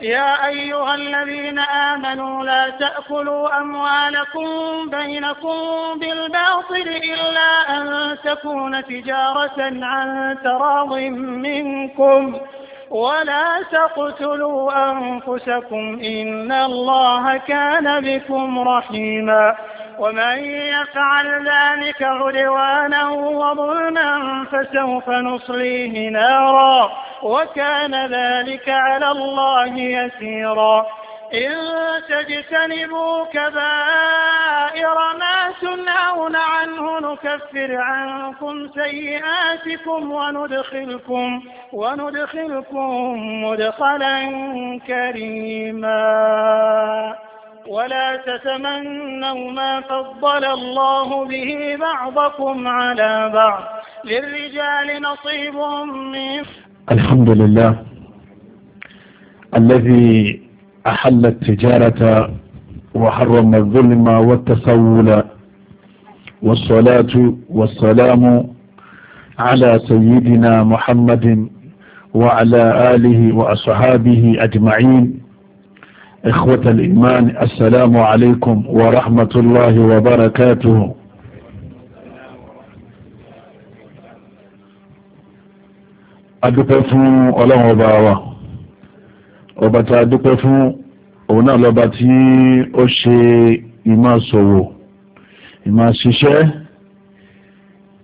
يا أيها الذين آمنوا لا تأكلوا أموالكم بينكم بالباطل إلا أن تكون تجارة عن تراض منكم ولا تقتلوا أنفسكم إن الله كان بكم رحيما ومن يفعل ذلك عدوانا وظلما فسوف نصليه نارا وكان ذلك على الله يسيرا إن تجتنبوا كبائر ما تنهون عنه نكفر عنكم سيئاتكم وندخلكم, وندخلكم مدخلا كريما ولا تتمنوا ما فضل الله به بعضكم على بعض للرجال نصيب من الحمد لله الذي أحل التجارة وحرم الظلم والتسول والصلاة والسلام على سيدنا محمد وعلى آله وأصحابه أجمعين إخوة الإيمان السلام عليكم ورحمة الله وبركاته adúpẹ́ الله ọlọ́run ọba wa ọba tá a dúpẹ́ fún òun náà lọ́ba tí ó ṣe ìmá sọ̀wọ̀ ìmá ṣiṣẹ́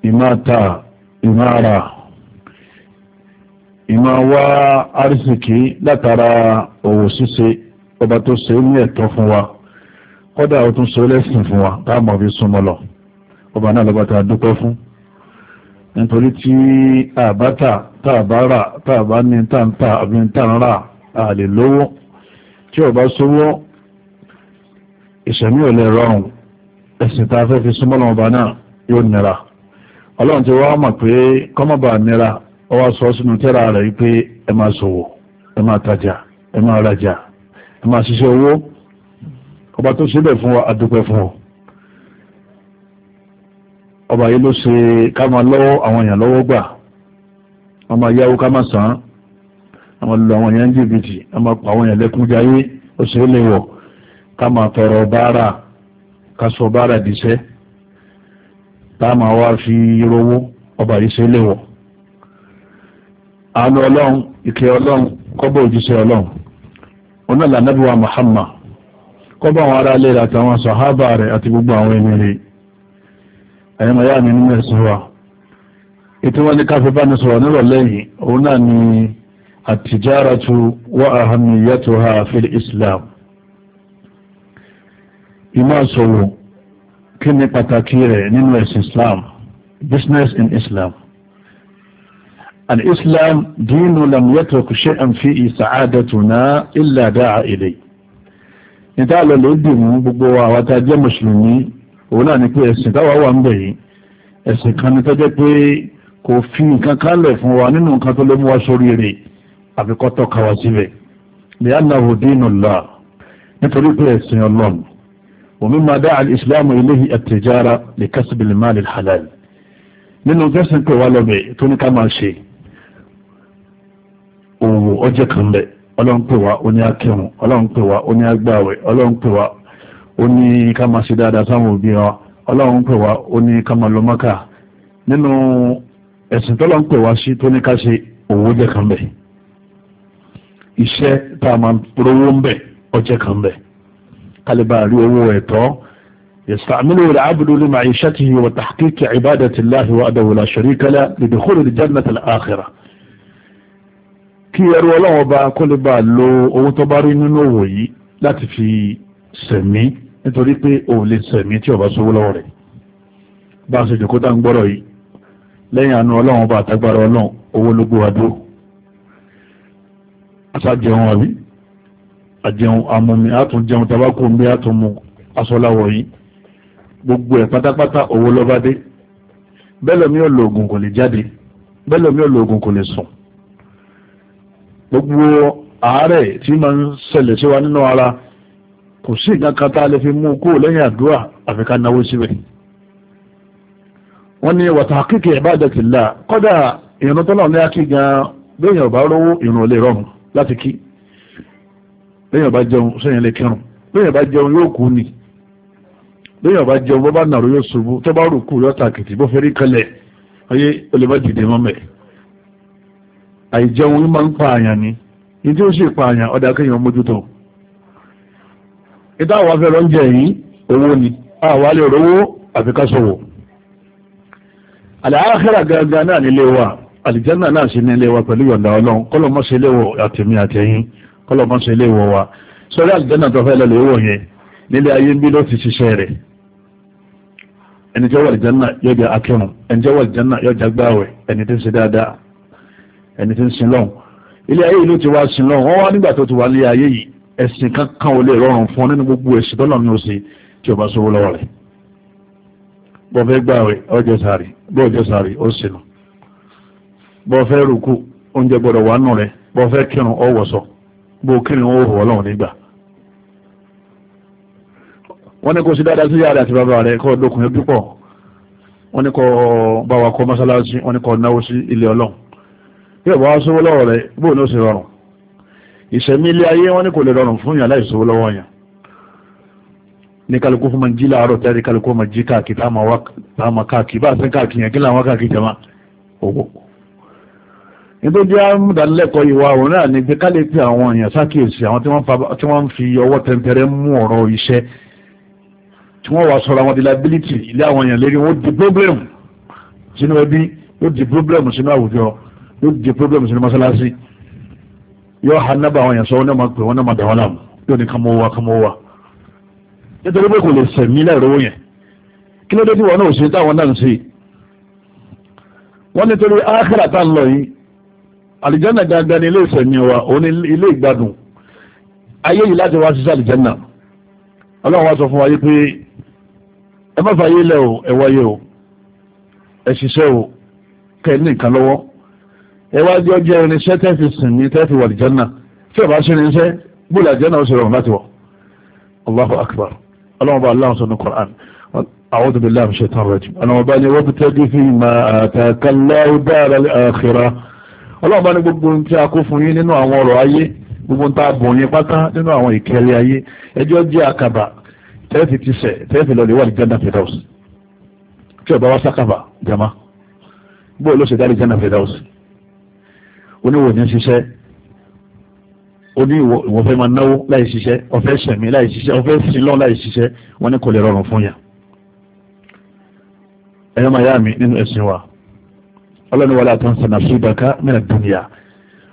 ìmá ta ìmá ra ìmá wá àrísìkí látara òwò ṣíṣe ọba tó ṣe é ní ẹ̀tọ́ fún wa kọ́dà ó tún ṣe é lẹ́sìn fún wa táàmù fi súnmọ́ lọ ọba náà lọ́ba tá a dúpẹ́ fún nítorí tí àbátà tààbárà tààbá ní tàǹtà àbí tàǹrà àlè lówó tí ọba sówó ìṣẹ̀mí ò lè rọrùn ẹ̀sìn tá a fẹ́ fi súnmọ́ lọ́wọ́ ọba náà yóò nira ọlọ́run ti wá mọ̀ pé kọ́mọ̀bà nira ọwọ́ sọ sínú tẹ́ra rẹ̀ wípé ẹ máa ṣòwò ẹ máa tajà ẹ máa rajà tó máa ṣiṣẹ́ owó ọba tó ṣe bẹ̀ fún wa àdúpẹ́ fún ọ ọba yìí ló ṣe ká máa lọ́wọ́ àwọn èèyàn lọ́wọ́ gbà wọ́n máa yáwó ká máa sàn án wọ́n máa lo àwọn èèyàn ń jìbìtì wọ́n máa pa àwọn èèyàn lẹ́kúnjayé ó ṣe é lè wọ̀ ká máa tọrọ báárà ká sọ báárà dìṣẹ́ tá a máa wá fi rówó ọba yìí ṣe é lè wọ̀ àánú ọlọ́run ìkẹ́ ọlọ́run kọ́bọ̀ òjíṣẹ́ ọlọ́run ọ̀nà lànàbíwá Muhammad kọ́bà àwọn ará lẹ́rẹ̀ àtàwọn sọ̀hábà rẹ̀ àti gbogbo àwọn ènìyàn ẹ̀yẹmọ̀ yá mi nínú ẹ̀sìn wa ètò wọn ni káfí bá ní sọ̀rọ̀ nílọ̀ lẹ́yìn òun náà business in Islam الإسلام دين لم يترك شيئا فيه سعادتنا إلا داع إليه níta lọ lè dì mú gbogbo àwọn tá a jẹ́ mùsùlùmí òun náà ni pé ẹ̀sìn táwa wà ń bẹ̀ yìí ẹ̀sìn kan ni tọ́jẹ́ pé kò fi nǹkan kan lẹ̀ fún wa nínú nǹkan tó lè mú wa sórí rẹ̀ àfikọ́tọ̀ ká wa síbẹ̀ lè anáwó dínú là nítorí pé ẹ̀sìn ọlọ́run òmí máa dá alìsílámù iléhi àtẹ̀jára lè kásìbìlì máa lè halal nínú kẹsàn-án pé wà lọ́bẹ̀ tó ní ká máa ṣe òwò ọjẹ́ kan bẹ̀ ọlọ́run pè wá ó ní akẹ́hùn ọlọ́run pè wá ó ní agbáwẹ̀ ọlọ́run pè wá ó ní ká máa ṣe dáadáa sáwọn òbí wa ọlọ́run pè wá ó ní ká máa lọ Mákà nínú ẹ̀sìn tọ́lọ́run pè wá sí tó ní ká ṣe òwò ọjẹ́ kan bẹ̀ iṣẹ́ tá a máa rówó ń bẹ̀ ọjẹ́ kan bẹ̀ kálíbà rí owó ẹ̀tọ́ يستعمله العبد لمعيشته وتحقيق عبادة الله وأده لا شريك له لدخول الجنة الآخرة kí ẹrú ọlọ́run ọba kó bá lo owó tó bá rí nínú òwò yìí láti fi sẹ̀mí nítorí pé òun lè sẹ̀mí tí ọba sówó lọ́wọ́ rẹ̀ bá a ṣe jòkó tá ń gbọ́rọ̀ yìí lẹ́yìn àánú ọlọ́run ọba àtagbára ọlọ́run owó ló gbé wa dúró aṣájẹun àbí àjẹun amúmi àtúnjẹun tabakú mi àtúnmu aṣọláwọ̀ yìí gbogbo ẹ̀ pátápátá owó lọ́ba dé bẹ́ẹ̀ lómi ò kò lè jáde bẹ́ẹ̀ lómi ò kò lè sùn gbogbo àárẹ̀ tí máa ń ṣẹlẹ̀ sí wa nínú ara kò sí nǹkan kan tá a lè fi mú kó lẹ́yìn àdúrà àfi ká náwó síbẹ̀ wọ́n ní wàtà kíkẹ́ ìbádẹ́tìlá kọ́dà ìrún tọ́lọ̀ ní akí gan bẹ́yìn ọ̀bá rówó ìrún olè rọrùn láti kí bẹ́yìn ọ̀bá jẹun sẹ́yìn lè kírun bẹ́yìn ọ̀bá jẹun yóò kú ni bẹ́yìn ọ̀bá jẹun bọ́ nàró yóò ṣubú tó bá rùkú yóò bó fẹ́rí kalẹ̀ ọyẹ́ olè bá jìdè mọ́mẹ́ àìjẹun máa ń pa àyàn ni ní tí ó sì pa àyàn ọ̀dà kéèyàn mójútó ìta àwọn afẹ́rọ̀ ń jẹ yìí owó ni àwọn alẹ́ rówó àfikásọ̀wọ̀ àlàáhẹ́rà gangan náà nílé wa àlìjánà náà sí nílé wa pẹ̀lú yọ̀ǹda ọlọ́run kọ́lọ̀ mọ́ sí léwọ̀ àtẹ̀mí àtẹ̀yìn kọ́lọ̀ mọ́ sí léwọ̀ wa sọ́rí àlìjánà tó fẹ́ lọ́lẹ̀ owó yẹn nílé ayé ń bí ló ti ṣiṣẹ́ rẹ̀ ẹni jẹ́ wà àlìjánà yọjà akẹ́rùn ẹni jẹ́ wà àlìjánà yọjà gbáwẹ̀ ẹni tó ń ṣe dáadáa ẹni tí ń sin lọ́hùn ilé ayé ìlú ti wá sin lọ́hùn wọ́n wá nígbà tó ti wà ní ayé yìí ẹ̀sìn kankan ò lè rọrùn fún nínú gbogbo ẹ̀sìn tọ́lọ̀ ní oṣù tí o bá sówó lọ́wọ́ rẹ̀ bọ́ fẹ́ gbààwẹ̀ ọjọ́ sààrì bọ́ ọjọ́ sààrì ó sinú bọ́ fẹ́ rúkú oúnjẹ gbọ́dọ̀ wà nù rẹ̀ bọ́ fẹ́ kírun ọwọ́sọ bó kírun ó hù ọlọ́run nígbà wọ́n ní kó sí dáadáa sí yàrá àti bàbá rẹ̀ kọ́ dókun yóò dúpọ̀ wọ́n ní kọ́ bá kọ́ mọ́sálásí bí ọba sówó lọ́wọ́ rẹ̀ bóò ló sì rọrùn ìṣẹ̀mí ilé ayé wọn ní kò lè rọrùn fún yàn láì sówó lọ́wọ́ yàn ní kálukú fún ma jí láàárọ̀ tẹ́rí kálukú ma jí káàkì táàmà káàkì bá sí káàkì yàn kí láwọn káàkì jama ni pé ká lè pe àwọn èèyàn sákèèsì àwọn tí wọ́n fi ọwọ́ tẹ̀ntẹ̀rẹ̀ mú ọ̀rọ̀ iṣẹ́ tí wọ́n wá sọ̀rọ̀ àwọn deliability ilé àwọn èèyàn lérí wọ́n problem sínú ẹbí yóò di problem sínú àwùjọ yóò jẹ problem sínú mọ́sálásí yóò ha nábà àwọn yẹn sọ wọn náà máa pè wọn náà máa dà wọn láàmú yóò ní kàmó wa kàmó wa nítorí pé kò lè sẹ̀mí láìrówó yẹn kí ló dé tí wọn náà ò ṣe táwọn náà ń ṣe wọn nítorí ákàrà tá ń lọ yìí àlìjánà dandan ní ilé ìsẹ̀mí wa òun ní ilé ìgbádùn ayé yìí láti wá ṣiṣẹ́ àlìjánà ọlọ́run wá sọ fún wa yìí pé ẹ má fà yé lẹ́ o ẹ wáyé o ẹ ṣiṣẹ́ o kẹ́ ní nǹkan lọ́wọ́ ẹwájú ọjọ́ irinṣẹ́ tẹ́fì sìn ní tẹ́fì wà lìjánà tí ọba ṣe irinṣẹ́ bóòlà jẹ́nà ó ṣe rọrùn láti wọ̀ Allahu akbar ọlọ́mọba aláwọ̀ sọ ní Qur'an a'udhu billahi minash shaitanir rajim ọlọ́mọba ni wọ́n tẹ́ bí fi ma àtàkàláwó dára àkìrà ọlọ́mọba ni gbogbo tí a kó fún yín nínú àwọn ọ̀rọ̀ ayé gbogbo tá a bùn yín pátá nínú àwọn ìkẹlẹ̀ ayé ẹjọ́ jẹ́ àkàbà tẹ́fì ti sẹ̀ tẹ́fì lọ lè wà lìjánà Firdaus tí ọba wá sákàbà jama bóòlù ó ṣe dá lìjánà Firdaus oníwò ní ṣiṣẹ́ oní ìwọ fẹ́ máa náwó láì ṣiṣẹ́ ọ̀fẹ́ sẹ̀mí láì ṣiṣẹ́ ọ̀fẹ́ sílọ́ láì ṣiṣẹ́ wọ́n ní kò lè rọrùn fún yà ẹ̀yọ́ màá yá mi nínú ẹ̀sìn wa ọlọ́run wà látàn sànà sí ìbàká mẹ́rin dùnìyà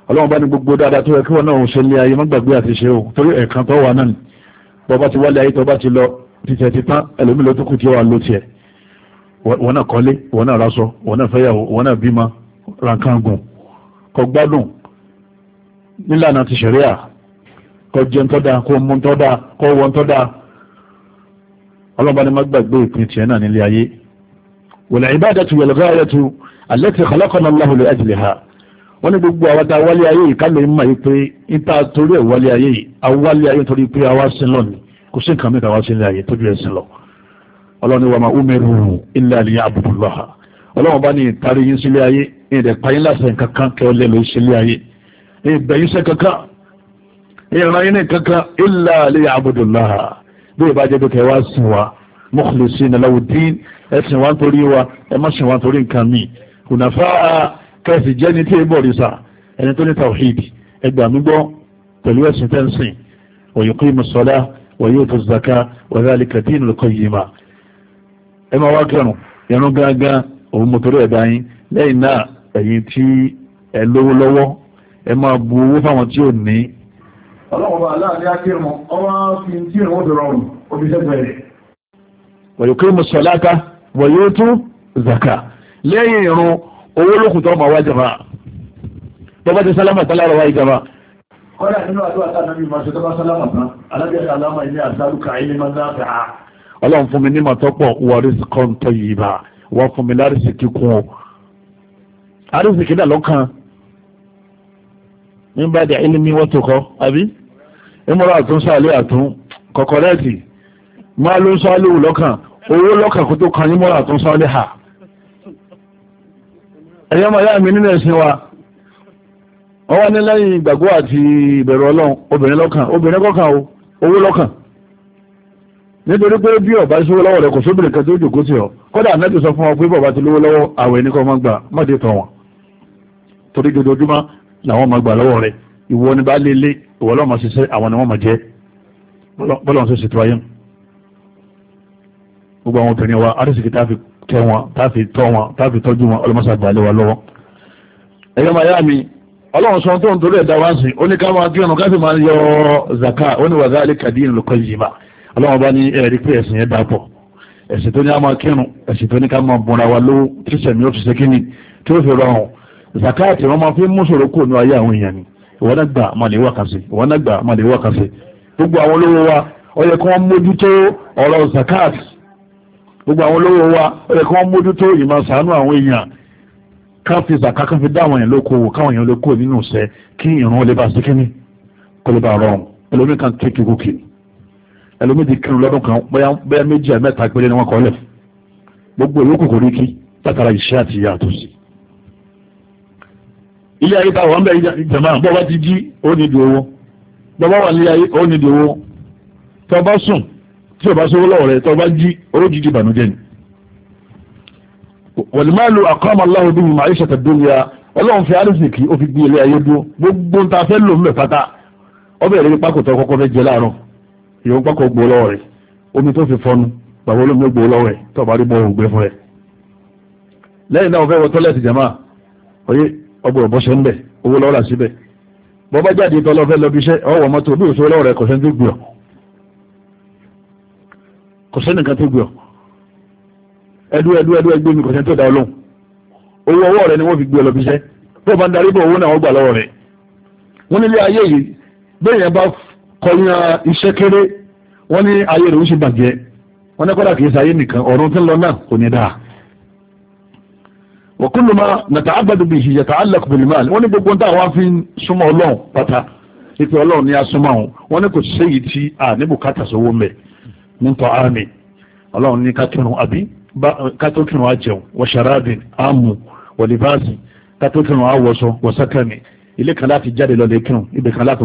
ọlọ́run bá ní gbogbo dáadáa tó yẹ kí wọ́n náà ṣe lé ayé má gbàgbé àti ṣe o torí ẹ̀kan tó wà náà bọ́ bá ti wálé ayé tó bá ti lọ títẹ̀ ti tán ẹlòmí ló tó kù tí ó wà ló tiẹ̀ wọ́n náà kọ́lé wọ́n náà raṣọ wọ́n náà fẹ́yàwó wọ́n náà bímọ rankangun kò gbádùn nílànà ti ṣẹ̀ríà kò jẹ ń tọ́da kò mú ń tọ́da kò wọ ń tọ́da ọlọ́ba ni má gbàgbé ìpín tiẹ̀ náà nílé ayé wọ̀lẹ̀ ìbádàtú wal ghayatu allati khalaqana Allahu li ajliha wọ́n ní gbogbo àwọn tá wálé ayé yìí ká lè mọ̀ pé n ta torí ẹ̀ wálé ayé yìí a wálé ayé torí pé a wá sí lọ ni kò sí nǹkan mẹ́ta wá sí ilé ayé tójú ẹ̀ sí lọ ọlọ́run ni wa ma umiru illa liya'budu Allah ọlọ́run bá ní ìtarí yín sílé ayé ìdẹ̀ payín lásán kankan kẹ́ ọ lẹ́nu ìṣẹ̀lẹ̀ ayé ìbẹ̀yìn sẹ́ kankan ìran yín kankan illa liya'budullah bí ìbájẹ́ bí kẹwàá sìn wa mukhlisina lahu din ẹ sìn wá nítorí wa ẹ má sìn wá nítorí nǹkan mi kùnàfà kẹsì jẹ́ ní tí ì bọ̀ rìsà ẹni tó ní tawhid ẹgbàá mi gbọ́ pẹ̀lú ẹ̀sìn tẹ́ǹsìn ويقيم الصلاة ويؤتي الزكاة وذلك دين القيمة ẹmọ wá kẹrùn yẹnu gángan òun mọ̀tòrò ẹ̀dá ẹ̀yin tí ẹ lówó lọ́wọ́ ẹ máa bu owó fáwọn tí ò ní. ọlọ́wọ́ba aláàlẹ́ zaka lẹ́yìn irun owó lókun tó máa wá jàmá tọ́ba ti sálámà tán lára wá ìjàmá. kọ́dà nínú àdúrà tá a nàbí máa ṣe tọ́ba sálámà tán alábẹ́rẹ́ aláma ilé àdárúkà ilé máa ń dáa ọlọ́run fún mi ní màtọ́pọ̀ wọ́n rí kọ́ńtọ̀ yìí bá wọ́n fún mi lárí sí kíkún àrísìkí dà lọ́kàn nígbà dà ilimi wọ́n tó kọ́ àbí ìmọ̀ra àtún sàlẹ̀ àtún kọ̀kọ̀rẹ́ẹ̀tì máa ló ń sàlẹ̀ wù lọ́kàn owó lọ́kàn kó tó kan ìmọ̀ra àtún sàlẹ̀ hà ẹ̀yẹ́ máa yá mi nínú ẹ̀sìn wa wọ́n wá ní lẹ́yìn ìgbàgbọ́ àti ìbẹ̀rù ọlọ́run obìnrin lọ́kàn obìnrin kọ́kàn o owó lọ́kàn nítorí pé bí ọba ṣe lọ́wọ́ rẹ̀ kò sóbìnrin kan tó jòkó sí ọ kódà nẹ́tì sọ fún ọ pé bọ̀bá ti lówó lọ́wọ́ àwẹ̀ ní kọ́ máa gbà má dé tọ̀ wọ́n torí dojoojúmọ́ làwọn máa gbà lọ́wọ́ rẹ̀ ìwọ ni bá lélẹ̀ ìwọ lọ́wọ́ máa ṣiṣẹ́ àwọn ni wọ́n máa jẹ́ bọ́lá wọn ṣètò ayé gbogbo àwọn obìnrin wa arísìkì tá a fi tẹ wọn tá a fi tọ́ wọn tá a fi tọ́jú wọn ọlọ́mọṣà gbàlẹ̀ wa lọ́wọ́ ẹ̀yọ́ máa yá mi ọlọ́run sọ tó ń torí ẹ̀dá wá sí ó ní ká máa kírun káfí máa yọ zaka ó ní wàzá alikadi ìlúkọ yìíma ọlọ́run bá ní ẹ̀rí pé ẹ̀sìn yẹn dàpọ̀ ẹ̀sìn tó ní ká máa kírun ẹ̀sìn tó ní ká máa bọ̀ra wa lówó tí sẹ̀mí ó fi ṣe kíni tí ó fi rọrùn zakati wọn máa fi mú ṣòro kò ní ayé àwọn èèyàn ni ìwọ́n náà gbà máa lè wà kan sí ìwọ́n náà gbà máa lè wà sí gbogbo àwọn olówó wa ó yẹ kí wọ́n mójútó ọ̀rọ̀ zakati gbogbo àwọn olówó wa ó yẹ kí wọ́n mójútó ìmọ̀ ṣàánú àwọn èèyàn ká zaka ká fi dá àwọn èèyàn lóko wò káwọn èèyàn lóko nínú iṣẹ́ kí ìrún olè bá sí kíní kó lè bá rọrùn ẹlòmí kan tó kíkú kì ẹlòmí ti kírun lọ́dún kan bóyá méjì àmẹ́ta péré ni wọ́n kọ́ lẹ̀ gbogbo ìyókù kò kí látara ìṣe àti ìyá àtúnṣe ilé ayé ta wọ́n bẹ̀rẹ̀ jàmá bọ́ba ti jí ó ní di owó bọ́ba wà nílé ayé ó ní di owó tọba sùn tí o bá sọ wọlọ́wọ́ rẹ tọba jí ó di di ìbànújẹ́ ni. wàlúmọ́lù àkọ́mọ́ aláwọ̀ bíi màá ṣe tẹ̀dúnyà ọlọ́run fi àrísìkì ó fi gbé ilé ayé dúró gbogbo ta fẹ́ lò mẹ́ pátá ọbẹ̀ rẹ pákó tó kọ́kọ́ fẹ́ jẹ láàárọ̀ ìyóò pákó gbó lọ́wọ́ rẹ omi tó fi fọnu bàbá olómi gbó lọ́wọ́ rẹ tọ́ba rí bọ́ òògbé fún rẹ lẹ́yìn náà wọ́n fẹ́ wọ tọ́lẹ̀tì jàmá ọgbọ̀rọ̀ bọ́sẹ̀ ń bẹ̀ owó lọ́ra síbẹ̀ bọ́ bá jáde tọ́lọ́ fẹ́ lọ bí iṣẹ́ ọwọ́ mọ́tò bí òṣèré lọ́rẹ̀ kò sẹ́ni tó gbìọ̀ kò sẹ́ni kan tó gbìọ̀ ẹdú ẹdú ẹdú ẹgbẹ́ mi kò sẹ́ni tó dá ọlọ́hun owó ọwọ́ rẹ ni wọ́n fi gbé ọ lọ bí iṣẹ́ tó bá ń darí bọ̀ owó náà wọ́n gbà lọ́wọ́ rẹ̀ wọ́n nílé ayé yìí bẹ́ẹ̀ yẹn bá kọyán iṣẹ́ kéré wọ́n ní ayé rẹ̀ ń ṣe bàjẹ́ wọ́n ní kọ́dà kìí sáyé nìkan ọ̀run tí ń lọ náà kò ní dáa wọ̀kúnlù máa nàtà àgbàdùbì ìṣìyàtà alẹ́kùnbìlìmáàlì wọ́n ní gbogbo ń dáwà fi ń súnmọ́ ọlọ́run pátá ipe ọlọ́run ní asúnmọ́ ọ̀hún wọ́n ní kò sí èyí tí a ní bùkátà sówó mẹ́ nítọ́ àmì ọlọ́run ní kátó àbí kátó kírun àjẹun wọ̀ṣàràbì àmù wọ̀lìbáàsì kátó kírun àwọ̀sọ wọ̀sákàmì ilé kan láti jáde lọ́lẹ̀ kírun ibẹ̀ kan láti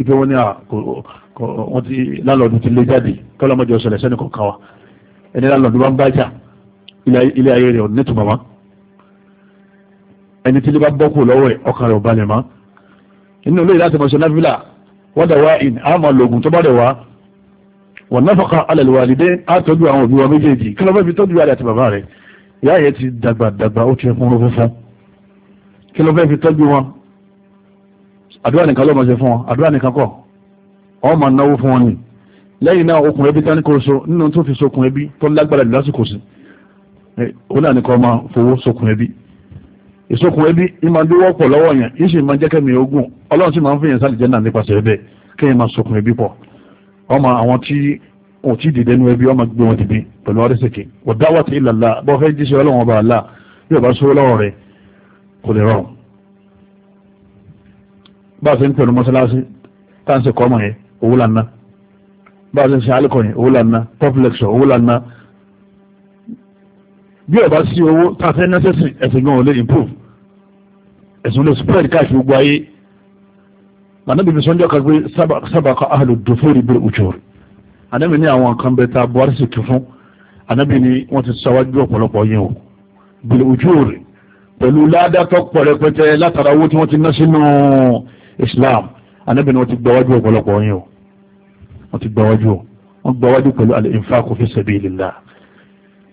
ipe wọ́n ní lálọ́ọ̀dún ti lé jáde kọ́lọ́mọdé ọ̀sẹ̀lẹ̀ sẹ́nìkọ̀ọ́kan ẹni lálọ́dún bá ń bá jà ilé ayé rẹ̀ ọ̀dún nítumọ̀ mọ́ ẹni tí ló bá bọ́kù lọ́wọ́ ẹ̀ ọkàn rẹ̀ ò balẹ̀ mọ́ inú ilé láti mọ̀ ṣe náfìlà wọ́n dà wá in àmọ́ lògùn tó bá dẹ̀ wá wọ́n náfọ̀kà alẹ́lùwàlídé àtọ́jú àwọn òbí wa méjèèjì kí ló fẹ́ fi tọ́jú alẹ́ àti bàbá rẹ̀ ìyá yẹn ti dàgbà dàgbà ó ti fún un fún kí ló fẹ́ fi tọ́jú wọn àdúrà nìkan ló mọ̀ ṣe fún wọn àdúrà nìkan kọ́ ọ lẹ́yìn náà okùn ẹbí tán ní kò so nínú tó fi sokùn ẹbí tó lágbára jù lásìkò sí ó náà ní kọ́ máa fowó sokùn ẹbí ìsokùn ẹbí ní máa dúró pọ̀ lọ́wọ́ yẹn yìí sì máa jẹ́ kẹ́mi ogun ọlọ́run sì máa ń fìyàn sálì jẹ́nà nípasẹ̀ ẹbẹ̀ kẹ́yìn máa sokùn ẹbí pọ̀ ọmọ àwọn tí wọn ti dìde nú ẹbí ọmọ gbé wọn dìde pẹ̀lú ọrẹ́sẹ̀kì ọ̀dáwà tí ilà la bọ́ fẹ́ jíṣẹ́ ọlọ́run ọba àlá bí ọba sọ bá a ṣe ń ṣe alikọ̀yìn owó lànà top lecture owó lànà bí ọba sí owó tá a fẹ́ nẹ́sẹ̀sì ẹ̀sìn gan ò lè improve ẹ̀sìn lè spread káàkiri gbogbo ayé mànàbí mi sọ́njọ́ kan pé sábàkà ahàlù dòfórì bí òjòrì ànábì ní àwọn kan bẹ ta buhari sì kí fún ànábì ní wọ́n ti sáwájú ọ̀pọ̀lọpọ̀ yẹn o bí òjòrì pẹ̀lú ládàtọ̀ pẹ̀rẹpẹtẹ látara owó tí wọ́n ti ná sínú Islam ànábì ní wọ́n ti gbáwájú ọ̀pọ̀lọpọ̀ yẹn o wọ́n ti gbọ́wájú o wọ́n gbọ́wájú pẹ̀lú al-infaqu fi sabilillah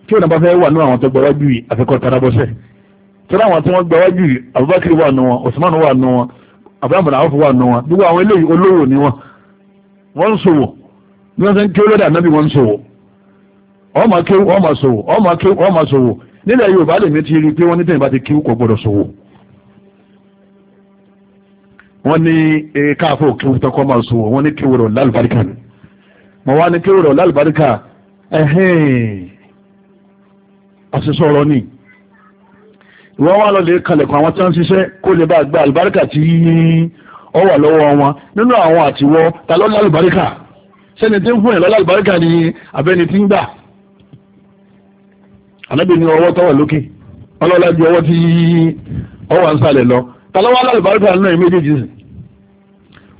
tí òun àbáfẹ́ wà ní àwọn tó gbọ́wájú yìí àfikọ́ tarabọ́sẹ̀ tí láwọn tí wọ́n gbọ́wájú yìí Abubakar wà nù wọn Usman wà nù wọn abdulhamid awọ́fọ̀ wà nù wọn gbogbo àwọn eléyìí olówó ni wọn wọ́n ń sòwò bí wọ́n ti ń kí olódà nábì wọ́n ń sòwò wọ́n máa kí wọ́n wọ́n ní tẹ̀yìnbá ti kí kò eh, tọkọ máa sòwò wọ́n ní kí wọ́n lọ lálùbáríkà ni mọ̀ wá ní kí rẹ̀ lálùbáríkà ẹ̀hìn àṣìṣọ́ ọ̀rọ̀ ni ìwọ́n wá lọ lè kalẹ̀kùn àwọn tí wọ́n ṣiṣẹ́ kó lè bá gba àlùbáríkà tí ó wà lọ́wọ́ wọn nínú àwọn àtiwọ́ ta lọ́lá àlùbáríkà sẹ́ni tí ń fún ìlọ́lá àlùbáríkà ni abẹ́ni tí ń gbà ànábì ní ọwọ́ tọ́wọ̀ lókè ọlọ́lá ju ọwọ́ tí ọwọ́ ń sálẹ̀ lọ ta lọ́wọ́ àlùbáríkà nínú ìméjèèjì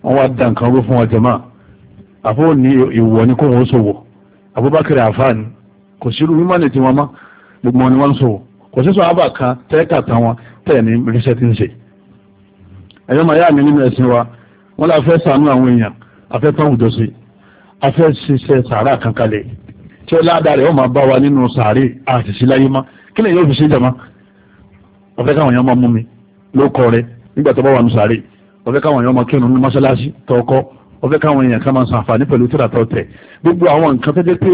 wọ́n wá dá nǹkan rú fún ọjọ́ máa àfọ́ ní ìwọ̀ ní kó wọ́n sọ̀wọ̀ Abubakar àfáàní kò sí irú mímọ́ni tí wọ́n gbogbo ni wọ́n sọ̀wọ̀ kò sí sọ àbà kan tẹ́ẹ̀kà táwọn tẹ́ẹ̀ ní ríṣẹ́ ti ń ṣe ẹ̀yọ́ màá yá mi nínú ẹ̀sìn wa wọ́n lè fẹ́ sànú àwọn èèyàn afẹ́ tán òjò sí afẹ́ ṣiṣẹ́ sàárà kan kalẹ̀ tí ó ládàá rẹ̀ ó máa bá wa nínú sàárè àṣìṣe láyé má kí lèyìn òfìṣẹ́ jàmá ọ̀fẹ́ káwọn èèyàn máa mú mi ló kọ rẹ nígbà tó bá wà nù sàárè ọ̀fẹ́ káwọn èèyàn máa kírun ní mọ́ṣáláṣí tọkọ́ ó fẹ́ káwọn èèyàn kan máa ṣàǹfààní pẹ̀lú tíra tó tẹ̀ gbogbo àwọn nǹkan tó jẹ́ pé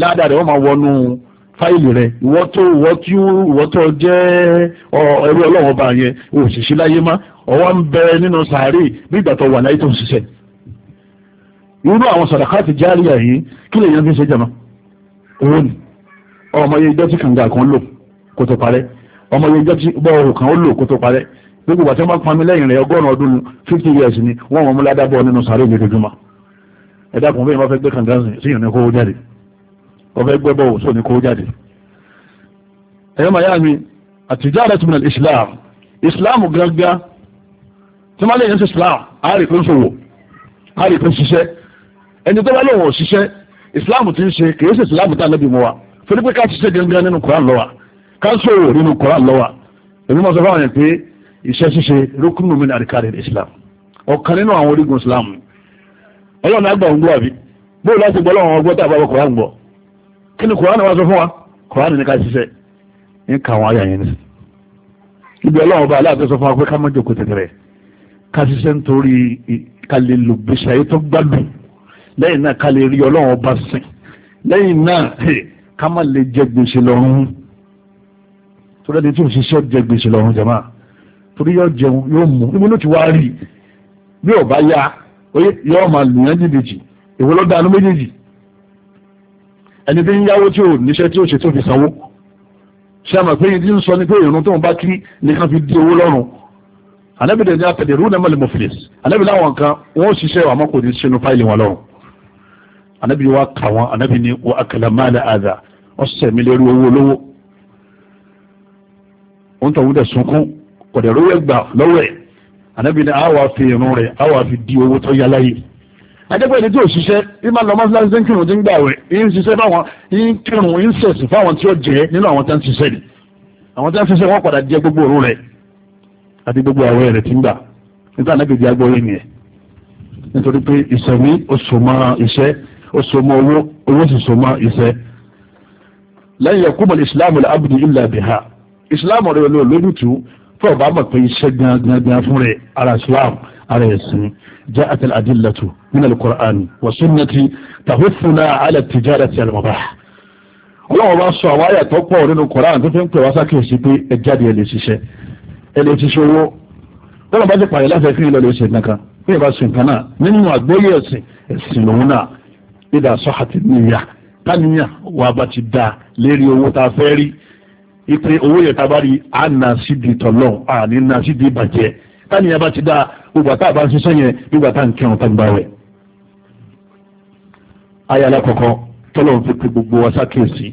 ládàá rẹ̀ wọ́n máa wọnú fáìlì rẹ̀ ìwọ tó ìwọ tí ìwọ tó jẹ́ ẹrú ọlọ́run ọba yẹn òṣìṣẹ́ láyé má ọwọ́ ń bẹ nínú sàárè bí ìgbà tó wà láyé tó ń ṣiṣẹ́ irú àwọn sàdákàtì járíà yìí kí lè yan fi ṣe jẹma owó ni ọmọ yẹn ìjọ tí kànga kan lò kó tó parẹ́ ọmọ yẹn ìjọ tí bọ́ọ̀rù kan ó lò kó tó parẹ́ gbogbo àti ọmọ pamí lẹ́yìn rẹ̀ ọgọ́rùn ọdún fifty years ni wọ́n wọ́n mú ládàbọ̀ nínú sàárè mi dojúmọ́ ẹ̀dá kan bẹ́ẹ̀ máa fẹ́ gbé kàngán sí ìyọ̀nì kówó jáde ọfẹ́ gbé bọ́ọ̀ sóòní kówó jáde. ẹ̀yọ́ màá yá mi àtijára tó mìíràn islam islam gángan tí wọ́n lè yẹn sí islam àárè tó ń ṣòwò àárè tó ń ṣiṣẹ́ ẹni tó bá lè ṣiṣẹ́ islam ti ń ṣe kì ṣe islam tá a lẹ́bi mu wa fúnipẹ́ ká ṣiṣẹ́ gángan nínú koran lọ́wà ká ń ṣòwò iṣẹ́ ṣíṣe rúkúnù min àríkàrí islam ọ̀kan nínú àwọn orígun islam ọlọ́run àgbà ń gbọ́ àbí bóò láti gbọ́ lọ́wọ́ ọgbọ́ tàbí àwọn kòrán gbọ́ kí ni kòrán wá sọ fún wa kòrán ní ká ṣiṣẹ́ ní kàwọn ayà yẹn ní ibi ọlọ́run ọba aláàbẹ̀ sọ fún wa pé ká má jókòó tẹ̀tẹ̀rẹ̀ ká ṣiṣẹ́ nítorí ká lè lò gbèsè ayé tó gbádùn lẹ́yìn náà ká lè rí ọlọ́run ọba sìn lẹ́yìn náà ká má lè jẹ gbèsè lọ́run tó lẹ́ni tí òṣìṣẹ́ jẹ gbèsè lọ́run jàmáà torí yóò jẹun yóò mú níbo ló ti wá rí bí ò bá yá oyè yóò máa lù yán jìbìjì èwo ló dánú méjèèjì ẹni tí ń yáwó tí ò níṣẹ́ tí ó ṣe tó fi sanwó ṣe àmọ̀ pé ìdí ń sọ ni pé ìrún tó ń bá kí nìkan fi di owó lọ́rùn anábì dẹ̀ ní apẹ̀dẹ̀ rúnà mọ́lẹ̀ mọ́fìlẹ̀s anábì láwọn kan wọ́n ṣiṣẹ́ àmọ́ kò ní sínú fáìlì wọn lọ́rùn anábì wa kà wọn anábì ni wa akala mala àdà ọ̀sẹ̀ mi lórí owó olówó òun tó wúdẹ̀ sunkún kọ̀dẹ̀ rówó ẹgbà lọ́wọ́ ẹ̀ ànábì ni àwa fi irun rẹ̀ àwa fi di owó tó yá láyé ajẹ́pẹ́ ẹni tí ò ṣiṣẹ́ ní máa lọ mọ́sálásí tí ń kírun tí ń gbà wẹ̀ ń ṣiṣẹ́ fáwọn ń kírun ń ṣẹ̀sìn fáwọn tí ó jẹ́ nínú àwọn tí ń ṣiṣẹ́ ni àwọn tí ń ṣiṣẹ́ wọ́n padà jẹ gbogbo òru rẹ̀ àti gbogbo àwẹ̀ rẹ̀ tí ń gbà nígbà náà di agbóyè nìyẹn nítorí pé ìsẹ̀mí ó so iṣẹ́ ó so owó owó sì tó o bá mọ̀ pé iṣẹ́ gangan fún rẹ̀ ara islam ara ẹ̀sìn jẹ́ àti àdìlẹ̀tù nínú alukur'an wà sunnati tàhùfúnà alẹ́ tìjára ti àlùmọ̀bá ọlọ́wọ́ bá sọ àwọn àyàtọ̀ pọ̀ nínú kur'an tó fi ń pè wá sákèsí pé ẹ jáde ẹ ṣiṣẹ́ ẹ ṣiṣẹ́ owó tọ́lọ̀ bá ti pààyàn láfẹ́ fún ilẹ̀ lóṣèlú nìkan bí ìbá sùn kan náà nínú àgbóyè ẹ̀sìn ẹ̀sìn lòun náà ìdá sọ́hàtì níyà táníyà wà bá ti dáa lérí owó tá a fẹ́ rí ipe owó yẹn tá a bá rí a a ní nà síbi bàjẹ́ bá ti dá gbogbo àtà bá ń yẹn gbogbo àtà ń kí wọn gbogbo wa sákèsí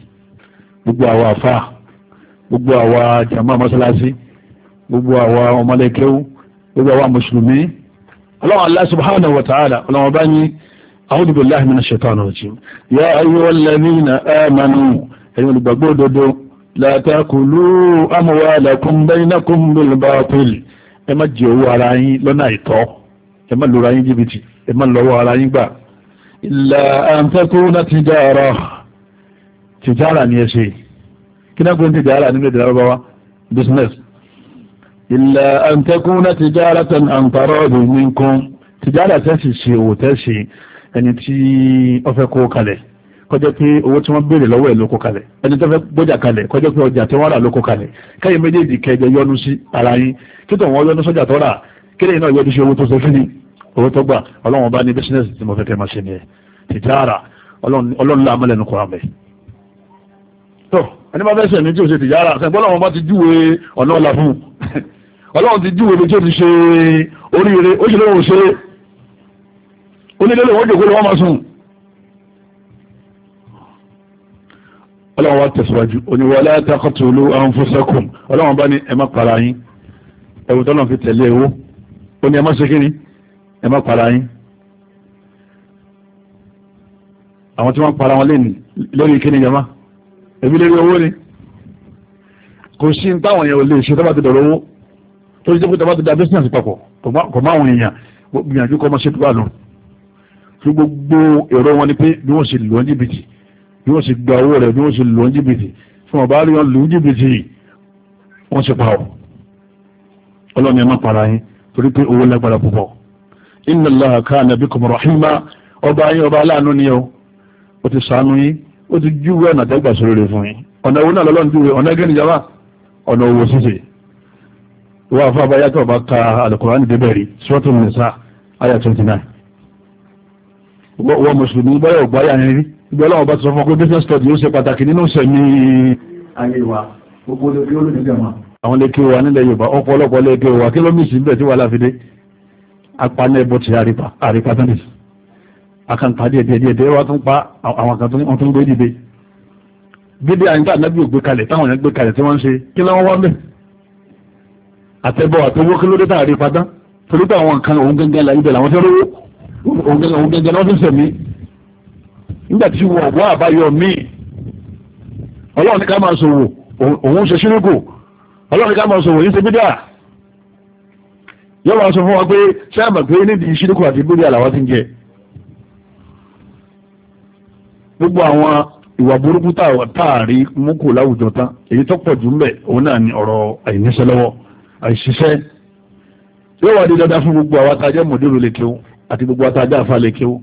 gbogbo àwa àfa gbogbo àwa masalasi gbogbo àwa ọmọlẹ́kẹ́wò gbogbo àwa mùsùlùmí ọlọ́run ala wa ta'ala bá yín olùgbàgbọ́ la takulu amwalakum bainakum bil batil ẹ má jẹ owó ara yín lọ́nà àìtọ́ ẹ má lura yín jìbìtì ẹ má lọ́wọ́ ara yín gbà illa an takuna tijara tijara ni ẹ ṣe kí náà gbọ́n tijara nínú èdè lárúbáwá business illa an takuna tijaratan an taradun minkum tijara tẹ́sì ṣe òwò tẹ́sì ẹni tí ó fẹ́ kó kalẹ̀ kọjá pé owó tí wọ́n béèrè lọ́wọ́ ẹ̀ ló kó kalẹ̀ ẹni tó fẹ́ gbọ́jà kalẹ̀ kọjá pé ọjà tí wọ́n rà ló kó kalẹ̀ káyọ̀ méjèèjì kẹjọ yọnu sí ara yín títọ̀ wọn yọnu sọ́jà tó rà kílẹ̀ iná yọdún sí owó tó ṣe fún ni owó tó gbà ọlọ́run bá ní bísínẹ́sì tí mo fẹ́ kẹ́ máa ṣe ni ẹ̀ tìjára ọlọ́run láàmú lẹ́nu kọ́ àmẹ́ tó ẹni bá fẹ́ sẹ̀ ní tí o ṣe tìjára sẹ́gbọ́n ọlọ́run bá ti tí o ṣe ọlọ́run wa tẹ̀síwájú oníwọlé takọ́tùlú anfusakum ọlọ́run bá ní ẹ má para yín ẹ̀wù tọ́lọ́run fi tẹ̀lé ewó ó ní ẹ má ṣe kí ni ẹ má para yín àwọn tí wọ́n para wọn lórí kí ni jama ẹbí lórí owó ni kò sí ní táwọn èèyàn ò lè ṣe tọ́ba ti dọ̀rọ̀ owó tó ṣe pé tọ́ba ti da business papọ̀ kò má àwọn èèyàn gbìyànjú kọ́ ọmọ ṣe tó wà lọ fún gbogbo èrò wọn ni pé bí wọ́n ṣe lò ó níbitì bí si sì gba owó rẹ̀ bí wọ́n sì lò ń jìbìtì fún ọba rí wọn lò ń jìbìtì wọ́n sì pa ọ́ ọlọ́ni ẹ̀ má para yín torí pé owó lágbára púpọ̀ rahima ọba yín ọba aláàánú ni ó ó ti ṣàánú yín ó ti júwe ọ̀nà tẹ́gbà sórí rẹ̀ fún yín ọ̀nà owó náà lọ́lọ́run júwe ọ̀nà ọ̀nà owó wọ́n afọ ọba ka débẹ̀ rí wọ́n mùsùlùmí báyọ̀ gbáyà ìgbẹ́ ọlọ́wọ́ bá ti sọ fún ọ pé business study ó ṣe pàtàkì nínú ìṣẹ̀mí ayé wa gbogbo olóògbé olóògbé mọ́. àwọn lè kí wa nílẹ̀ Yorùbá ọ̀pọ̀lọpọ̀ lè kí wa kí ló mí sí bẹ́ẹ̀ tí wà láfidé apaná ẹbọ ti àrípa tán nìyí akànpá díẹ̀ díẹ̀ díẹ̀ díẹ̀ wa tún pa àwọn kan tún tún gbé kí ló dé tààrí padà torí àwọn kan òun gẹ́gẹ́ la ibẹ̀ làwọn fẹ́ òun gẹ́gẹ́ lọ́wọ́ fi nígbà tí wọ́n wá àbáyọ míì ọlọ́run ní ká máa sòwò òun ṣe ṣíríkù ọlọ́run ní ká máa sòwò yín ṣe bídà yóò máa sọ fún wa pé sáàmà pé nídìí ṣíríkù àti bídà làwọn ti ń jẹ gbogbo àwọn ìwà burúkú táàrí mú kò láwùjọ tán èyí tó pọ̀ jù ń bẹ̀ òun náà ni ọ̀rọ̀ àìníṣẹ́ lọ́wọ́ àìṣiṣẹ́ yóò wà ní dandan fún gbogbo àwọn atajẹ́ mọ̀dúró lè kéwú àti gbogbo atajẹ́ àfa lè kéwú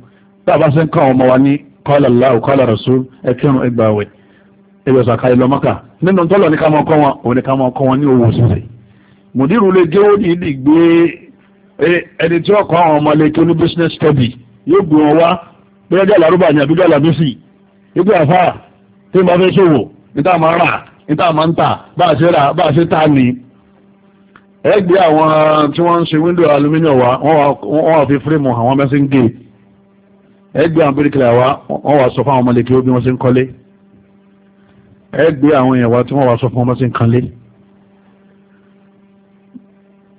tá a bá ṣe ń kọ́ ọmọ wa ní kọ́lá láwù kọ́lá rasul ẹkẹrùn ẹgbà wẹ̀ ẹgbẹ́ sàkà ilọ̀ mọ́kà nínú tọ́lọ̀ ní ká mọ́ kọ́ wọn òun ní ká mọ́ kọ́ wọn ní owó sísè mùdírù lè jẹ́ ó dìídì gbé ẹni tí ó kọ́ àwọn ọmọ lẹ́kẹ́ ní business study yóò gbé wọn wá bóyá jẹ́ làrúbà ní àbíjọ́ làbísì ibi àfà tí mo fẹ́ ṣòwò níta máa rà níta máa ń tà bá a ṣe rà bá a ṣe tà ní ẹgbẹ́ àwọn tí wọ́n ń ṣe wíńdò alumíníọ̀ wa wọ́n wà fi fírímù àwọn mẹ́sìn gate ẹgbẹ́ àwọn bíríkìlà wa wọ́n wá sọ fún àwọn ọmọlẹ́kẹ́ ó bí wọ́n ṣe ń kọ́lé ẹgbẹ́ àwọn èèyàn wa tí wọ́n wá sọ fún ọmọ ṣe ń kanlé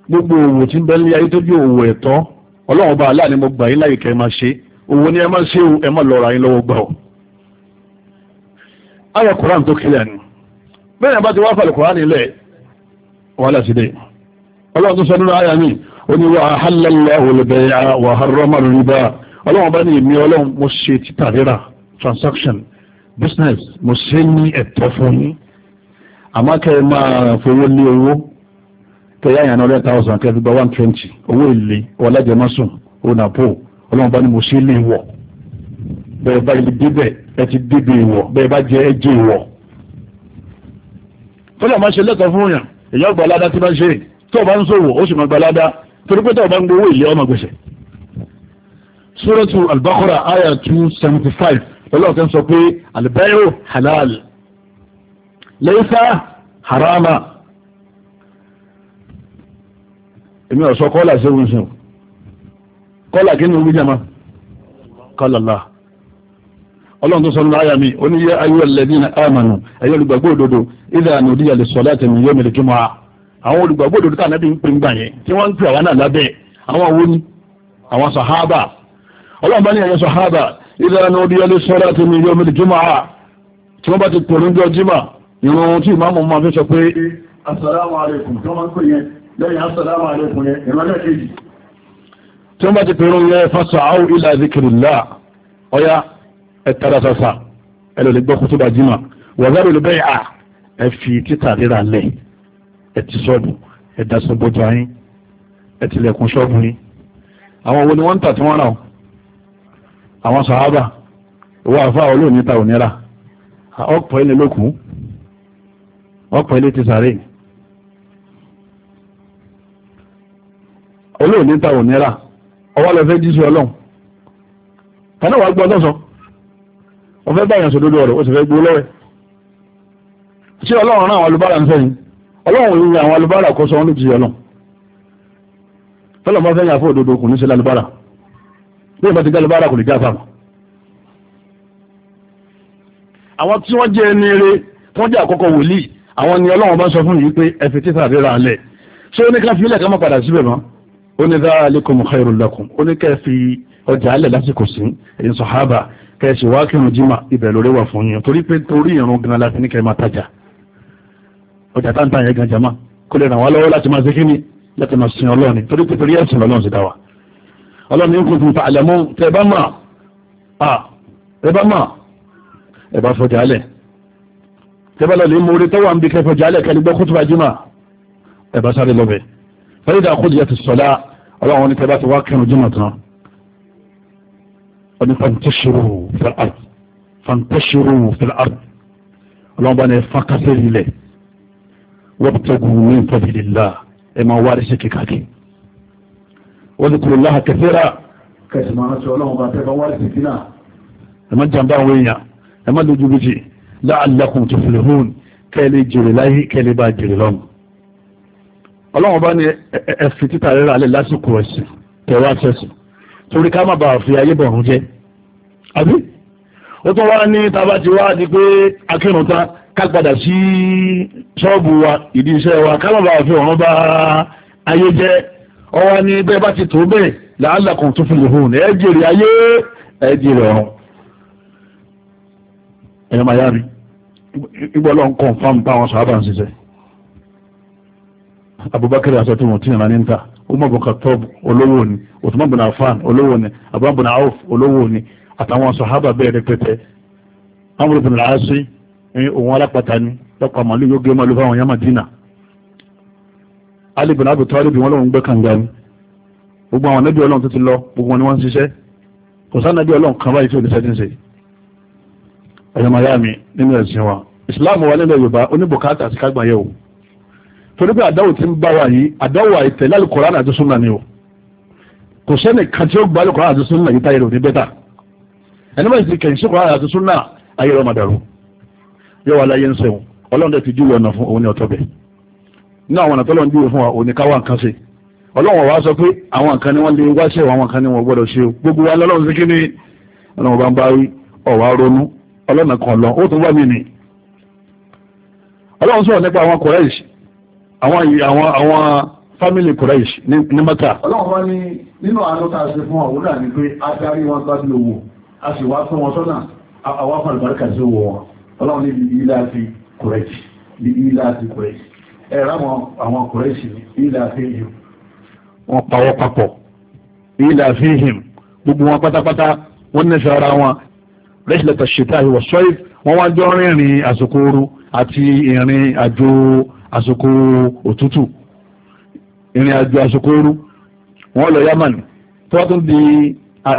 gbogbo òwò tí ń bẹ nílé ayé tó bí òwò ẹ̀tọ́ ọlọ́run ọba aláàánú mo gbà yín láyè kẹ́ ẹ máa ṣe òwò ni ẹ máa ṣe ẹ máa lọ́ra yín lọ́wọ́ gbà ọ́ ayọ̀ koran tó kílẹ̀ ni bẹ́ẹ̀ bá ti wá fàlẹ̀ koran nílẹ̀ wàhálà sí ọlọ́run tó sọ nínú ayà mi ó ní wa ahalla Allahu al-bay'a wa harrama ar-riba ọlọ́run bá ní èmi ọlọ́run mo ṣe títà rírà transaction business mo ṣe ní ẹ̀tọ́ fún yín àmọ́ máa fowó lé owó kẹ́yà yàn hundred thousand kẹ́ ẹ gba one twenty owó èlé ọ̀làjẹmọ́sùn onapo ọlọ́run bá ní mo ṣe lé wọ̀ bẹ́ẹ̀ bá ibi débẹ̀ ẹ ti débi ìwọ̀ bẹ́ẹ̀ bá jẹ ẹ jẹ ìwọ̀. tọ́lá máa ṣe lẹ́tọ̀ọ́ fún yàn èyí ọgbà ládá tí máa ṣe tó o bá ń ṣòwò ó sì máa gbà ládá torí pé tó o bá ń gbowó ìlé ọmọ gbèsè suratu al-Baqara aya two seventy five lọ́lọ́ kan sọ pé al-bay'u halal laysa harama èmi ọ̀sọ́ kọ́là ṣégun ṣe kọ́là kí ni orí jama kọ́làlá ọlọ́run tó sọ nínú àyà mi ó ní yẹ ayé alladhina amanu ẹ̀yẹ́ olùgbàgbọ́ òdodo idha nudiya lissalati min yawmil jumu'ah àwọn olùgbàgbọ́ òdodo tàbí ń pè ń gbà yẹn tí wọ́n ń pè àwọn náà lábẹ́ àwọn àwọn àwọn sàhábà ọlọ́run bá ní ẹ̀yẹ sọ̀hábà ìdára ní odi ẹlẹ́ sọ́ra ti ní ilé omi jùmọ̀ à tí wọ́n bá ti pò níjọ jímà ìrun tí ìmáàmù máa fi sọ pé asàlámù alẹ́kùn tí wọ́n máa ń pè yẹn lẹ́yìn asàlámù alẹ́kùn yẹn ìrọ̀lẹ́ kejì tí wọ́n bá ti pèrún yẹn fásọ àwọ̀ ilà àwọn sàhábà ìwọ àfa olóòní ta òníra ọ̀pọ̀ ilé lókun ọ̀pọ̀ ilé ti sàárè olóòní ta òníra ọwọ́ lọ fẹ́ jí sí ọlọ́run tani wàá gbọ́ lọ́sọ wọ́n fẹ́ báyàn sòdodo ọ̀rọ̀ ó sì fẹ́ gbó lọ́wẹ́ ṣé ọlọ́run rán àwọn alubára ń sẹ́yìn ọlọ́run yìí àwọn alubára kọ́ sọ wọn ló ti yọ náà tọ́lọ̀ bá òdodo kùnú sí lálubára bí ìbá ti gálùbára kò lè já sáàmù àwọn tí wọ́n jẹ́ ẹni eré tí wọ́n jẹ́ àkọ́kọ́ wòlíì àwọn ni ọlọ́run bá ń sọ fún yìí pé ẹ fi títà ríra alẹ̀ ṣé ó ní ká fi ilẹ̀ ká má padà síbẹ̀ mọ́ ó ní dhalikum khairul lakum ó ní kẹ́ fi ọjà alẹ̀ lásìkò sí èyí sàhábà kẹ́ sì wá kírun jímà ibẹ̀ lórí wà fún yín torí pé torí ìrun gan la fi ní kẹ́ máa tajà ọjà táǹtà yẹn gan jama kó lè ràn wá lọ́wọ́ láti máa ṣe kíni láti máa sin ọlọ́run torí pé torí ẹ̀sìn ọlọ́run ọlọ́ni ń kùnkùn fàlẹ́mú tẹ́bá mà á tẹ́bá mà ẹ̀bá fọjálẹ̀ tẹ́bá lọ́lẹ̀ ń mórí tọ́wà ń bí kẹ́ fọjálẹ̀ kẹ́lẹ́ gbọ́ kútùbà jímà ẹ̀bá sáré lọ́bẹ̀ fẹ́rẹ́dà kó jẹ́ ti sọ́lá ọlọ́run ní tẹ́bá ti wá kẹrùn jímà tán ọdún fàǹtẹ́ṣirò fẹ́lárd fàǹtẹ́ṣirò fẹ́lárd ọlọ́run bá ní ẹ̀fọn kásẹ̀ ilẹ̀ وذكر الله كثيرا كما نسألهم باتبا والسكنا لما جنبا ويا لما لجبجي لعلكم تفلحون كالي جري كالي با جري لهم ọlọ́run bá ní ẹ̀fì títà rẹ̀ rálẹ̀ lásìkò ẹ̀sìn tẹ̀wọ́ àṣẹ̀sì torí ká má bàa fi ayé bọ̀rún jẹ́ àbí ó tún wá ní tàbá ti wá di pé akírun ta ká padà sí ṣọ́ọ̀bù wa ìdí iṣẹ́ wa ká má bàa fi ọ̀run bá ayé jẹ́ ọwọ́ ni bẹ́ẹ̀ bá ti tó bẹ́ẹ̀ la'allakum tuflihun ẹ jèrè ayé ẹ jèrè ọ̀run ẹ̀yọ́ máa yá mi ìgbọ́ lọ́n kọ́ fáwọn bá wọn sàábà ń ṣiṣẹ́ Abubakar asọ́tún wọn tí ìrànlẹ́ ń ta Umar bin Khattab olówó ni Uthman bin Affan olówó ni Abdullah bin Auf olówó ni àtàwọn sàábà bẹ́ẹ̀ rẹpẹtẹ Amr bin al-As òun alápàtà ni lọ́pàá màálù yóò gé màálù fáwọn yá Madina Ali bin Abi Talib wọn lòun gbé kànga ni gbogbo àwọn nẹ́bí ọlọ́run tó ti lọ gbogbo ni wọ́n ń ṣiṣẹ́ kò sáà nẹ́bí ọlọ́run kan báyìí tí ò ní sẹ́tí ń ṣe ẹ̀yọ́ màyá mi nínú ẹ̀sìn wa Islam wa nílẹ̀ Yorùbá oníbùkátà àti kágbà o torí pé àdáwò ti ń bá wa yìí àdáwò àìtẹ̀lé Al-Qur'an àti Sunnah ni o kò sẹ́ni kan tí ó gba Al-Qur'an àti Sunnah yìí táyẹ̀rọ ní bẹ́tà ẹni bá ti kẹ̀yìn sí Qur'an àti Sunnah ayẹ̀rọ màdàrú ní àwọn ọ̀nà tọ́lọ́ ń dúró fún wa òní ká wá nǹkan ṣe ọlọ́run wa sọ pé àwọn nǹkan ni wọ́n lè wá ṣe àwọn nǹkan ni wọ́n gbọ́dọ̀ ṣe gbogbo wa lọ́lọ́run sí kíní ọlọ́run bá ń bá rí ọ̀wá ronú ọlọ́run kan lọ ó tún wá mí ni ọlọ́run sọ̀rọ̀ nípa àwọn Quraish àwọn àwọn àwọn fámìlì Quraish ní Mẹ́kà. ọlọ́run wá ní nínú àánú tá a ṣe fún àwọn ni pé ẹ̀rọ àwọn kùrẹ́sì ilẹ̀ àfihàn wọn pawọ́ papọ̀ ilẹ̀ àfihàn gbogbo wọn pátápátá wọn nẹ́sẹ̀ ara wọn rẹ́sìlẹ̀tà ṣètà ìwọ̀ sọ́yìn wọ́n wá jọ rìnrìn àsìkò ooru àti ìrìn àjò àsìkò òtútù ìrìn àjò àsìkò ooru wọ́n lọ Yaman tó wá tún di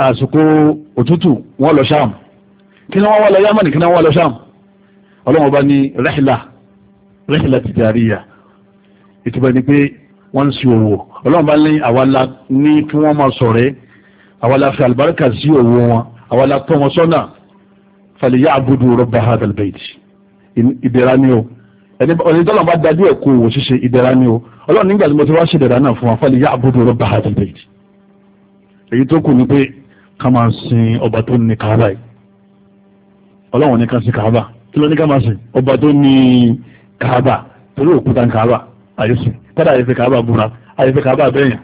àsìkò òtútù wọ́n lọ Ṣáàmù kí ni wọ́n wá lọ Yaman kí ni wọ́n wá lọ Ṣáàmù ọlọ́run ọba ní rẹ́hìlà rẹ́hìlà tìjàríyà ìtumọ̀ ni pé wọ́n ń sin òwò ọlọ́run bá ní àwa la ní kí wọ́n máa ṣọ̀rẹ́ àwa la fi àlùbáríkà sí òwò wọn àwa tọ́ wọn sọ́nà fàlẹ̀ yá àbúdù rọ́bà hadal bẹ́ẹ̀tì ni o ẹni tọ́lọ̀ bá dájú ẹ̀kọ́ òwò ṣíṣe ìdẹ̀ra ni o ọlọ́run nígbà tí mo ti wá ṣe ìdẹ̀ra náà fún wa fàlẹ̀ yá àbúdù rọ́bà hadal bẹ́ẹ̀tì èyí tó kù ni pé ká máa sin ọba tó ní kàábà yìí ọlọ́run ní ká sin kàábà kí ló ní ká àyèsùn kọ́dà àyèfẹ́ kàábà búra àyèfẹ́ kàábà bẹ́yàn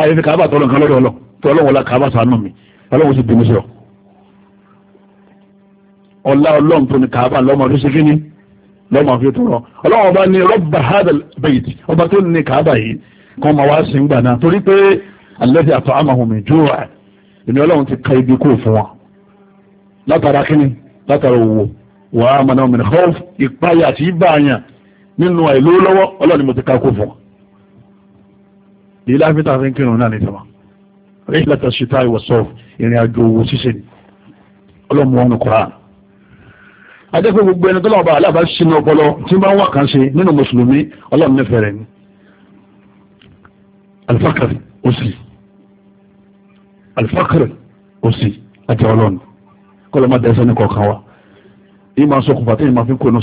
àyèfẹ́ kàábà tọ́lọ̀ nǹkan lọ́dọ̀ ọlọ́ tọ́lọ̀ wọlá kàábà sànù mi ọlọ́run sì bínú sí ọ. ọlá ọlọ́run tó ní kàábà lọ́mọ tó ṣe kíní lọ́mọ fi tó rọ ọlọ́run ọba ní rọ́bà hadal bayt ọba tó ní kàábà yìí kan máa wá sí ń gbà náà torí pé alẹ́dẹ̀ àtọ́ àmàhùn mi jùlọ ìní ọlọ́run ti ka ibi kó fún wọn látara kíní látara òwò wàá mọ̀nà òmìnira ìpáyà àti ìbáyà nínú àìlówó lọ́wọ́ ọlọ́ni mo ti ká kó fún ìlà fíta fi ń kírun náà ní ìtàwọn rí lẹ́tà ṣíta ìwọ̀sọ̀ ìrìn àjò owó ṣíṣe ni ọlọ́mọ ọ̀nà kọ́ra adẹ́fẹ́ gbogbo ẹni tó lọ́ọ̀bá aláàbá sínú ọpọlọ tí bá ń wà kan ṣe nínú mùsùlùmí ọlọ́run nífẹ̀ẹ́ rẹ̀ ni alifakari òsì alifakari òsì àti ọlọ́run kọ́lọ́mọdé ẹsẹ̀ ní kọ̀ọ̀kan wa ìmọ̀ sọkùnfà tí ìmọ̀ fi ń kó inú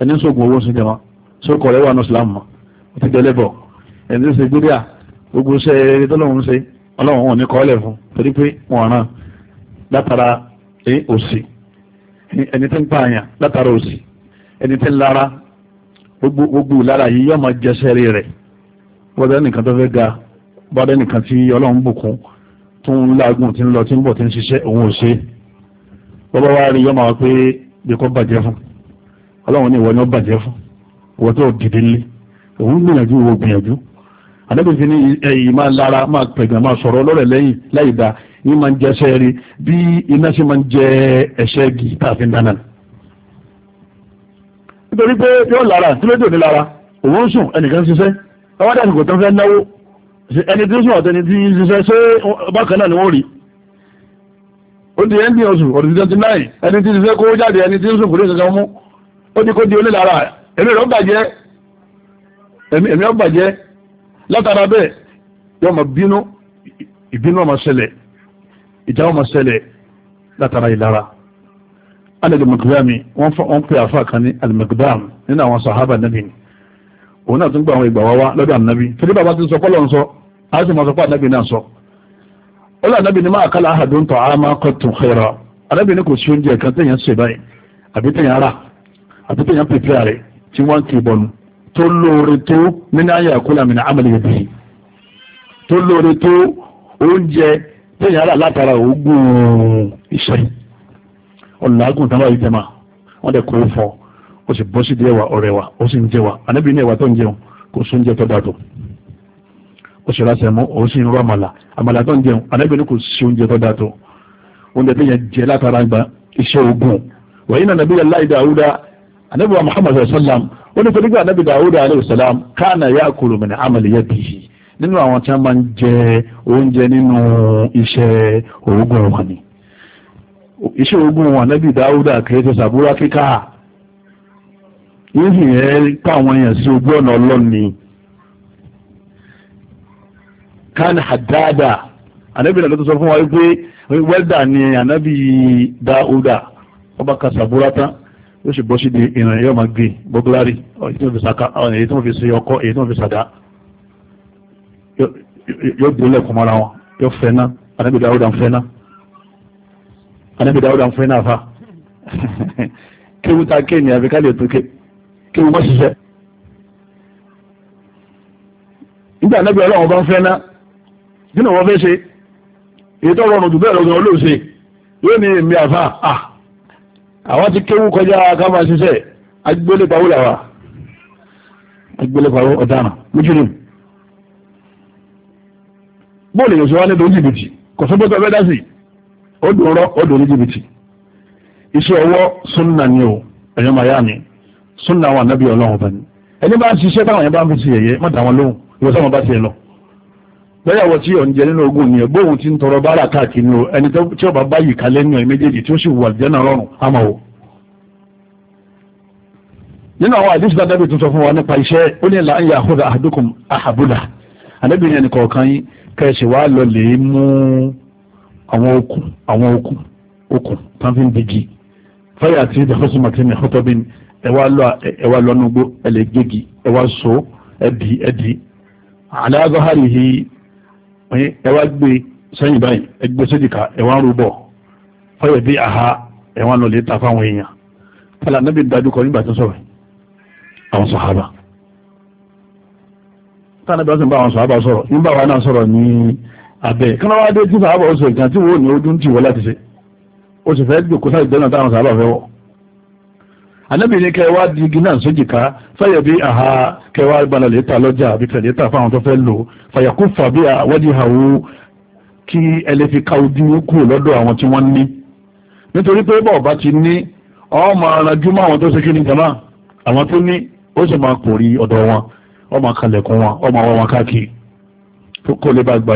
ẹni sọ̀gùn owó sí jẹ́ wọn sókọ̀ rẹ̀ wà ní islam ó ti dẹ̀lẹ́bọ̀ ẹni tó ṣe gbéríà gbogbo iṣẹ́ eré tọ́lọ́run ṣe ọlọ́run wọn ní kọ́ọ́lẹ̀ fún torí pé wọ́n ràn látara eh, òsì ẹni tí ń pààyàn látara òsì ẹni tí ń lara gbogbo lára yìí yọ́ máa jẹ́sẹ́ rí rẹ̀ bọ́dẹ́ nìkan tó fẹ́ ga bọ́dẹ́ nìkan tí ọlọ́run bùkún tó ń lágùn tí ń lọ tí ń bọ̀ tí ń ṣiṣẹ́ òun ò ṣe bọ́bá wa rí yọ́ máa pé bí kò bàjẹ́ fún ọlọ́run ní ìwọ ni ó bàjẹ́ fún wọ́n tó dìde nílé òun gbìyànjú wo gbìyànjú àdébí fi ní ẹ̀yìn máa lára máa pẹ̀gàn máa sọ̀rọ̀ ọlọ́rẹ̀ lẹ́yìn láì da ní máa ń jẹ ẹsẹ̀ rí bí iná ṣe máa ń jẹ ẹsẹ̀ gì tá ń dáná. nítorí pé yóò lára tí ló dé lára òun sùn ẹnìkan ṣiṣẹ́ ọwọ́ dàbí kò tán fẹ́ náwó ẹni tí ó sùn àtẹni tí ń ṣiṣẹ́ ṣé bákan náà ni wọ́n rí ó di ẹni oṣù ọ̀dùn twenty nine ẹni tí ń ṣiṣẹ́ kó jáde ẹni tí ń sùn kò ní ìṣẹ̀ṣẹ̀ mú ó ní kó di onílára ẹ̀mí rẹ̀ ó bàjẹ́ ẹ̀mí ó bàjẹ́ látara bẹ́ẹ̀ yóò máa bínú ìbínú ó máa ṣẹlẹ̀ ìjà ó máa ṣẹlẹ̀ látara ìlara alẹ́dẹ̀mọ̀gbẹ́mi wọ́n pè àfáà kan ní alẹ́mọ̀gbẹ́mi nínú àwọn sàhábà nàbì ni òun náà tún gba àwọn ìgbà wá wá lọ́dọ̀ ànábì torí bàbá ti sọ pọ́lọ̀ ń sọ á sì máa sọ pé ànábì náà sọ ó lọ ànábì máa kálá àhàdùn tọ̀ á máa kọ́ tún xẹ́ra kò sí oúnjẹ kan téèyàn ṣe àbí téèyàn rà àbí téèyàn pèpè rẹ̀ tí wọ́n kì í bọ̀nu tó lóore tó nínú ayé àkúlà mi ní amẹ́lẹ́ yẹn bìí tó lóore tó oúnjẹ tẹ̀yìn ara látara òógùn iṣẹ́ ọ̀làgùn tán báyìí tẹ̀ máa wọ́n dẹ̀ kó o e fọ́ ó sì bọ́ sí di ẹwà ọ̀rẹ́ wa ó sì ń jẹ wa ànábì ní ẹwà tó ń jẹun kò sún jẹ tó dáa tó sì rásẹ̀ mọ́ ó sì ń rọ àmàlà àmàlà tó ń jẹun ànábì ní kò sí oúnjẹ tó dáa oúnjẹ tó jẹ látara gba iṣẹ́ ogun wàyí nà nàbí yàrá ìdáwúdá anabi wa muhammad sallam ó ní torígbà anabi dawud alayhi salam kana yakulu min amali yadihi nínú àwọn tí wọ́n máa ń jẹ oúnjẹ nínú iṣẹ́ òógùn wọn ni iṣẹ́ òógùn wọn anabi dawud akẹ́tọ̀ sàbúrà kíkà yìí yẹn káwọn èèyàn sí ojú ọ̀nà ọlọ́ni kana haddada anabi nàlọ́tọ̀ sọ fún wa wípé wẹ́dà ni anabi dawuda ọba kasabura tán yóò sì bọ́ sí di ìrìn yóò máa gbé bọ́gláàrì èyí tí wọ́n fi sàkà èyí tí wọ́n fi ṣe ọkọ èyí tí wọ́n fi sàdá yóò dé lẹ́kùn mọ́ra wọn yóò fẹ́ ná anábì dáwúdà ń fẹ́ ná anábì dáwúdà ń fẹ́ ná fa kéwu ta ké ní àbíká lè ké kéwu má ṣiṣẹ́ nígbà anábì ọlọ́run bá ń fẹ́ ná bí fẹ́ ṣe èyí tó rọrùn jù bẹ́ẹ̀ lọ́gbọ̀n olóòṣè yóò ní èmi àfa ah àwọn ti kéwú kọjá ká máa ṣiṣẹ́ agbélépawó làwà agbélépawó ọ̀daràn lójúlù bóòlù yóò ṣe wá nílùú jìbìtì kò fún bóta bẹ́dá sí odò rọ odò ní jìbìtì iṣẹ́ ọwọ́ súnà ni o ẹ̀yọ́ màá yá mi súnà wà nábì ọlọ́run bá ẹni bá ń ṣiṣẹ́ táwọn yẹn bá ń fi ṣe yẹ̀yẹ́ má wọn lóhùn ìwọ sáwọn bá ti lọ lọ́yàwó tí ò ń jẹ nínú ogún yẹn bóun ti ń tọrọ bára káàkiri o ẹni tí ọba bá yìí kalẹ̀ nínú ẹ̀ méjèèjì tí ó sì wà jẹ́nà o. nínú àwọn fún wa nípa iṣẹ́ ó ní ìlà ń ise àhúdà àdúkùn àhàbùdà àdébìnrin ẹnì kọ̀ọ̀kan yín kẹsì wá lọ lè mú àwọn okùn àwọn okùn okùn tán fi ń digi fáyà àti ìdàfọ́sọ̀mọ̀tì ẹ wá gbé sẹ́yìn báyìí ẹ gbé sójìká ẹ wá rúbọ̀ fọyọ̀ bí aha ẹ wá ń lọ lè ta fáwọn èèyàn tala anábì dájú kọ nígbà tó sọ̀rọ̀ àwọn sàhábà tánà bí wọ́n sì ń bá àwọn sàhábà sọ̀rọ̀ nígbà wa náà sọ̀rọ̀ ní abẹ́ kí wọ́n wá dé tí sàhábà ó sọ ìkan tí wọ́n ní ojú ń tì wọ́n láti ṣe ó sì fẹ́ jòkó sáà ìjọ náà táwọn sàhábà fẹ́ wọ̀ anábìrin kẹwàá di igi náà sójì ká fẹ́yẹ̀ bí àha kẹwàá gbalẹ̀ lẹ́ta lọ́jà àbí tẹ̀lẹ́ta fáwọn tó fẹ́ lò fàyàkú fàbí àwọ́dì kí ẹlẹ́ fi ká ojú kù àwọn tí wọ́n ní nítorí pé bọ́ọ̀ bá ti ní ọmọ aranjú ni jama àwọn tó ní ó sì máa kò ọ̀dọ̀ wọn ọmọ kalẹ̀kùn wọn ọmọ àwọn wọn káàkiri tó kó lè bá gbà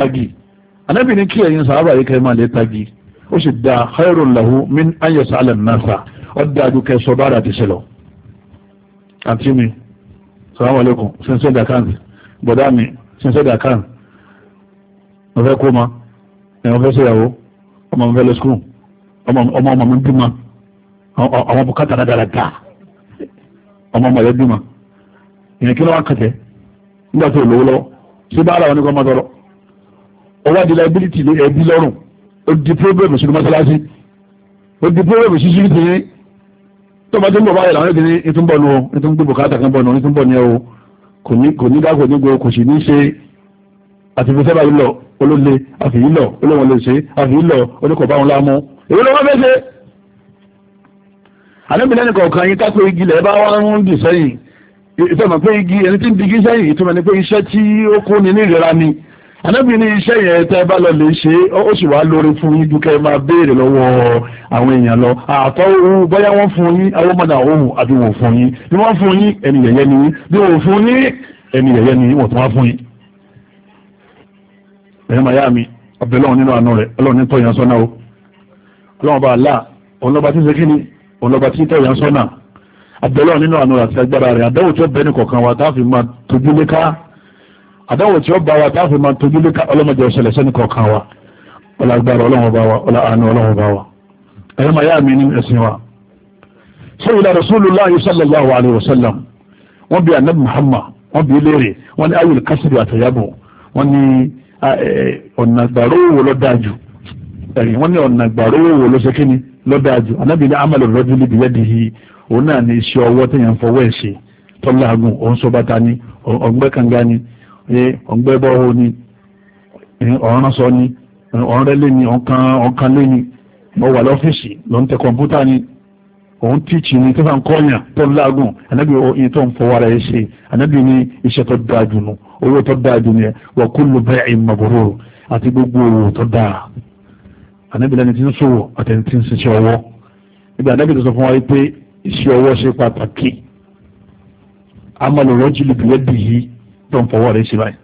nínú anábì ní kí ẹ̀yin sàábà yìí kẹ́ máa lè tagi ó sì da khairun lahu min ayẹsà alẹ́ nasa ó dájú kẹ́ sọ bá àdàtì sílọ. àǹtí mi salamu alaikum sẹ́nsẹ́ dàkán bọ̀dá mi sẹ́nsẹ́ dàkán mo fẹ́ kó ma ẹ̀yàn fẹ́ sẹ́yàwó ọmọ mi fẹ́ lọ skul ọmọ ọmọ mi bímọ àwọn bùkátà dáadáa dáa ọmọ ọmọ rẹ bímọ ìyẹn kí ló wá kàtẹ́ nígbà tó lówó lọ sí bá ara wọn ní kọ́ máa tọrọ ọwọ́ àdìlá ability lé ẹbí lọ́rùn ó di problem sínú mọ́sálásí ó di problem sí sírí tìyín tó bá tó ń bọ̀ báyìí làwọn ènìyàn ní tún bọ̀ nù ní tún gbé bùkátà kan bọ̀ nù ní tún bọ̀ ní ẹ̀wọ̀ kò ní kò ní dáko ní gbogbo kò sì ní ṣe àtìfẹ́ sábà yìí lọ olóle àfìyí lọ olóhùn lè ṣe àfìyí lọ oníkọ̀ bá wọn láàmú èyí ló wọ́n fẹ́ ṣe. àdébìnrin ẹnì kọ̀ọ̀kan yín kápẹ́ igi lẹ̀ bá wọn ń dì sẹ́yìn ìfẹ́ mọ̀ pé igi ẹni tí ń digi sẹ́yìn ìtumọ̀ ni pé iṣẹ́ tí ó kó ni ní ìrora ni anábì ní iṣẹ́ yẹn tẹ́ bá lọ lè ṣe ó sì wá lórí fún yín dúkẹ́ máa béèrè lọ́wọ́ àwọn èèyàn lọ àtọ́ ohun bóyá wọ́n fún yín awọ́mọdà ohun àbí wọ́n fún yín bí wọ́n fún yín ẹni yẹ̀yẹ́ ni yín bí wọ́n fún yín ẹni yẹ̀yẹ́ ni wọ́n tún wá fún yín. ẹ̀yẹ́ màá yá mi ọ̀bẹ lọ́wọ́ nínú àánú rẹ̀ ọlọ́run ní tọ́yàn sọ́nà o ọlọ́run bá àlá ọlọ́ba tí ń ṣe kí ni ọlọ́ba tí ń àdáwò tí ó bá wa táàfin máa tójú lé ọlọ́mọdé ọ̀sẹ̀lẹ̀ sẹ́ni kọ̀ọ̀kan wa ọlọ́gbàrá ọlọ́run bá wa ọlọ́ àánú ọlọ́run bá wa ẹ̀yọ́ máa yá mi ní ila wa. sọ́wọ́dà rasulullahi sallallahu alayhi wa sallam wọ́n bí muhammad wọ́n bí léèrè wọ́n ní ayul kásìrì àtẹ̀yàbò wọ́n ní ọ̀nà gbàrówó ló dájú ẹ̀yìn wọ́n ní ọ̀nà gbàrówó ló ṣe kíni ló dájú anabi ní amalu rajuli biyadihi òun náà ni iṣẹ́ ọwọ́ tẹ̀yàn fọwọ́ ẹ̀ ṣe tọ́lágùn òun sọ bàtà ni ọ̀gbẹ́kànga ni pé ọ̀ngbẹ́bọ̀ owó ni ọ̀rán sọ ni ọ̀rẹ́ lé ni ọ̀kan lé ni mo wà lọ́fíìsì ló ń tẹ kọ̀ǹpútà ni òun tíìchì ni tẹ́fà ń kọ́yàn tó ń lágùn ànábì oyin tó ń fọwọ́ ara ẹ̀ ṣe ànábì ní iṣẹ́ tó dáa jù nù owó tó dáa jù nìyẹn wa kullu bai'in mabrur àti gbogbo owó tó dáa ànábì lẹ́ni tí ń ṣòwò àtẹni tí ń ṣiṣẹ́ ọwọ́ nígbà ànábì tó sọ fún wa pé iṣẹ́ ọwọ́ ṣe pàtàkì amalu rajuli biyadihi tó ń fọwọ́ rẹ̀ ṣe báyìí